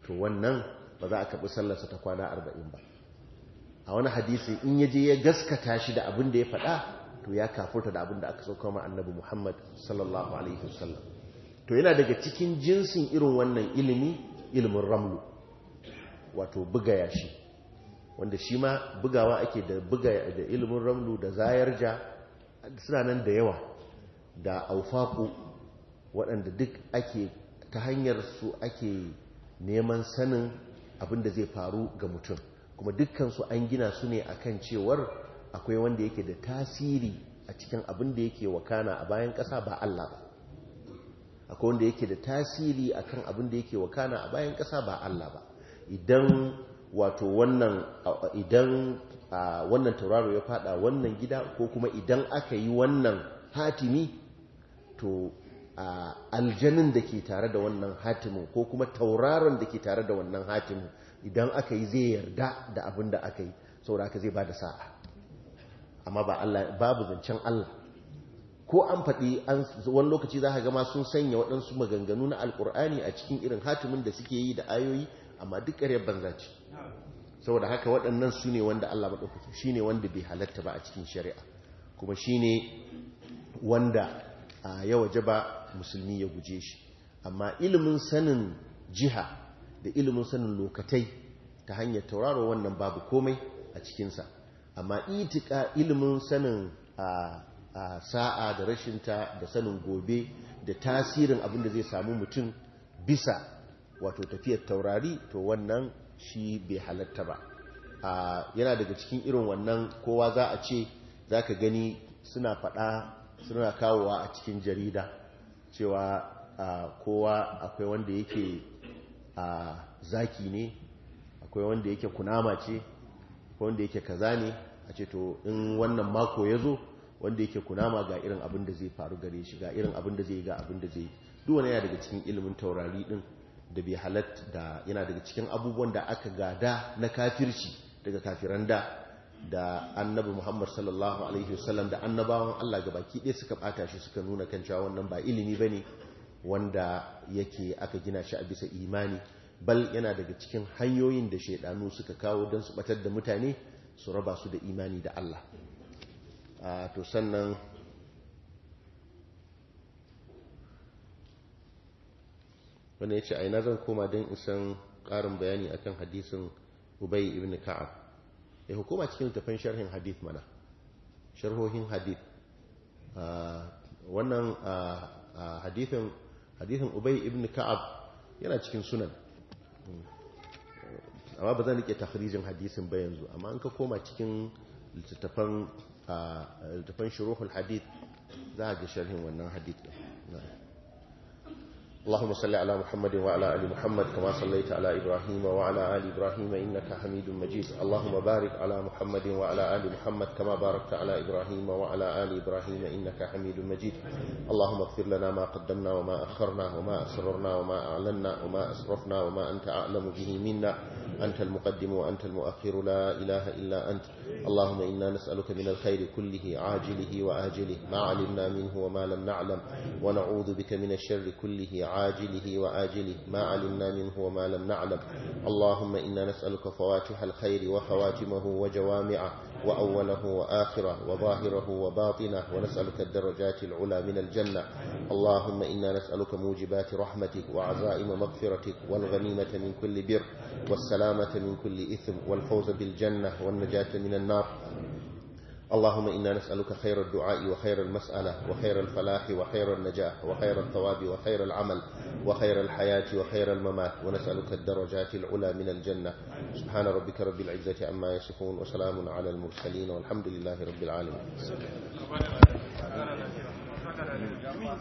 to wannan ba za a kaɓi sallarsa ta kwana arba'in ba a wani hadisi in ya je ya gaskata shi da abin da ya faɗa to ya kafurta da abin da aka sauka ma annabi Muhammad sallallahu alaihi wasallam to yana daga cikin jinsin irin wannan ilimi ilimin ramlu wato buga yashi wanda shi ma bugawa ake da buga da ilimin ramlu da zayarja suna nan da yawa da aufaku waɗanda duk ake ta hanyar su ake neman sanin abin da zai faru ga mutum kuma dukkansu an gina su ne akan cewar akwai wanda yake da tasiri a cikin abin da yake wakana a bayan ƙasa ba Allah ba akwai wanda yake da tasiri akan abin da yake wakana a bayan ƙasa ba Allah ba idan wato wannan idan wannan tauraro ya fada wannan gida ko kuma idan aka yi wannan hatimi to aljanin da ke tare da wannan hatimin ko kuma tauraron da ke tare da wannan hatimin idan aka yi zai yarda da abin da aka yi da aka zai ba da sa'a amma ba Allah babu zancen Allah ko an faɗi wani lokaci za a gama sun sanya waɗansu maganganu na alƙur'ani a cikin irin hatimin da suke yi da ayoyi amma duk ƙaryar banza ce saboda haka waɗannan su ne wanda Allah maɗaukaki shi ne wanda bai halatta ba a cikin shari'a kuma shi ne wanda a ya waje ba musulmi ya guje shi amma ilimin sanin jiha da ilimin sanin lokatai ta hanyar tauraro wannan babu komai a cikinsa amma itika ilimin sanin sa'a da rashinta da sanin gobe da tasirin abin da zai samu mutum bisa wato tafiyar taurari to wannan shi bai halatta ba yana daga cikin irin wannan kowa za a ce za ka gani suna faɗa suna kawowa a cikin jarida cewa kowa akwai wanda yake zaki ne akwai wanda yake kunama ce akwai wanda yake kaza ne a ce to in wannan mako ya zo wanda yake kunama ga irin abin da zai faru gare shi ga irin abin da zai ga abin da zai yi duwane yana daga cikin ilimin taurari din da bai halatta da yana daga cikin abubuwan da aka gada na kafirci daga kafiran da da annabi Muhammad sallallahu alaihi wasallam da annabawan Allah ga baki ɗaya suka ɓata shi suka nuna kan cewa wannan ba ilimi ba ne. wanda yake aka gina shi a bisa imani bal yana daga cikin hanyoyin da shaidanu suka kawo don su batar da mutane su raba su da imani da Allah ah, to sannan wanda ya ce a ina zan koma don isan karin ƙarin bayani akan hadisin ubay ibn ka'ab ya eh, hukuma cikin tafan sharhin hadith mana sharhohin hadith ah, wannan ah, ah, hadithin ubay ibn ka'ab yana cikin sunan amma ba zan rike takhrijin hadisin ba yanzu amma an ka koma cikin littattafan shiruhun hadith za a ga sharhin wannan hadith اللهم صل على محمد وعلى آل محمد كما صليت على إبراهيم وعلى آل إبراهيم إنك حميد مجيد اللهم بارك على محمد وعلى آل محمد كما باركت على إبراهيم وعلى آل إبراهيم إنك حميد مجيد اللهم اغفر لنا ما قدمنا وما أخرنا وما أسررنا وما أعلنا وما أسرفنا وما أنت أعلم به منا أنت المقدم وأنت المؤخر لا إله إلا أنت اللهم إنا نسألك من الخير كله عاجله وآجله ما علمنا منه وما لم نعلم ونعوذ بك من الشر كله عاجله عاجله وآجله ما علمنا منه وما لم نعلم اللهم إنا نسألك فواتح الخير وخواتمه وجوامعه وأوله وآخره وظاهره وباطنه ونسألك الدرجات العلى من الجنة اللهم إنا نسألك موجبات رحمتك وعزائم مغفرتك والغنيمة من كل بر والسلامة من كل إثم والفوز بالجنة والنجاة من النار اللهم إنا نسألك خير الدعاء وخير المسألة وخير الفلاح وخير النجاح وخير الثواب وخير العمل وخير الحياة وخير الممات ونسألك الدرجات العلى من الجنة سبحان ربك رب العزة عما يصفون وسلام على المرسلين والحمد لله رب العالمين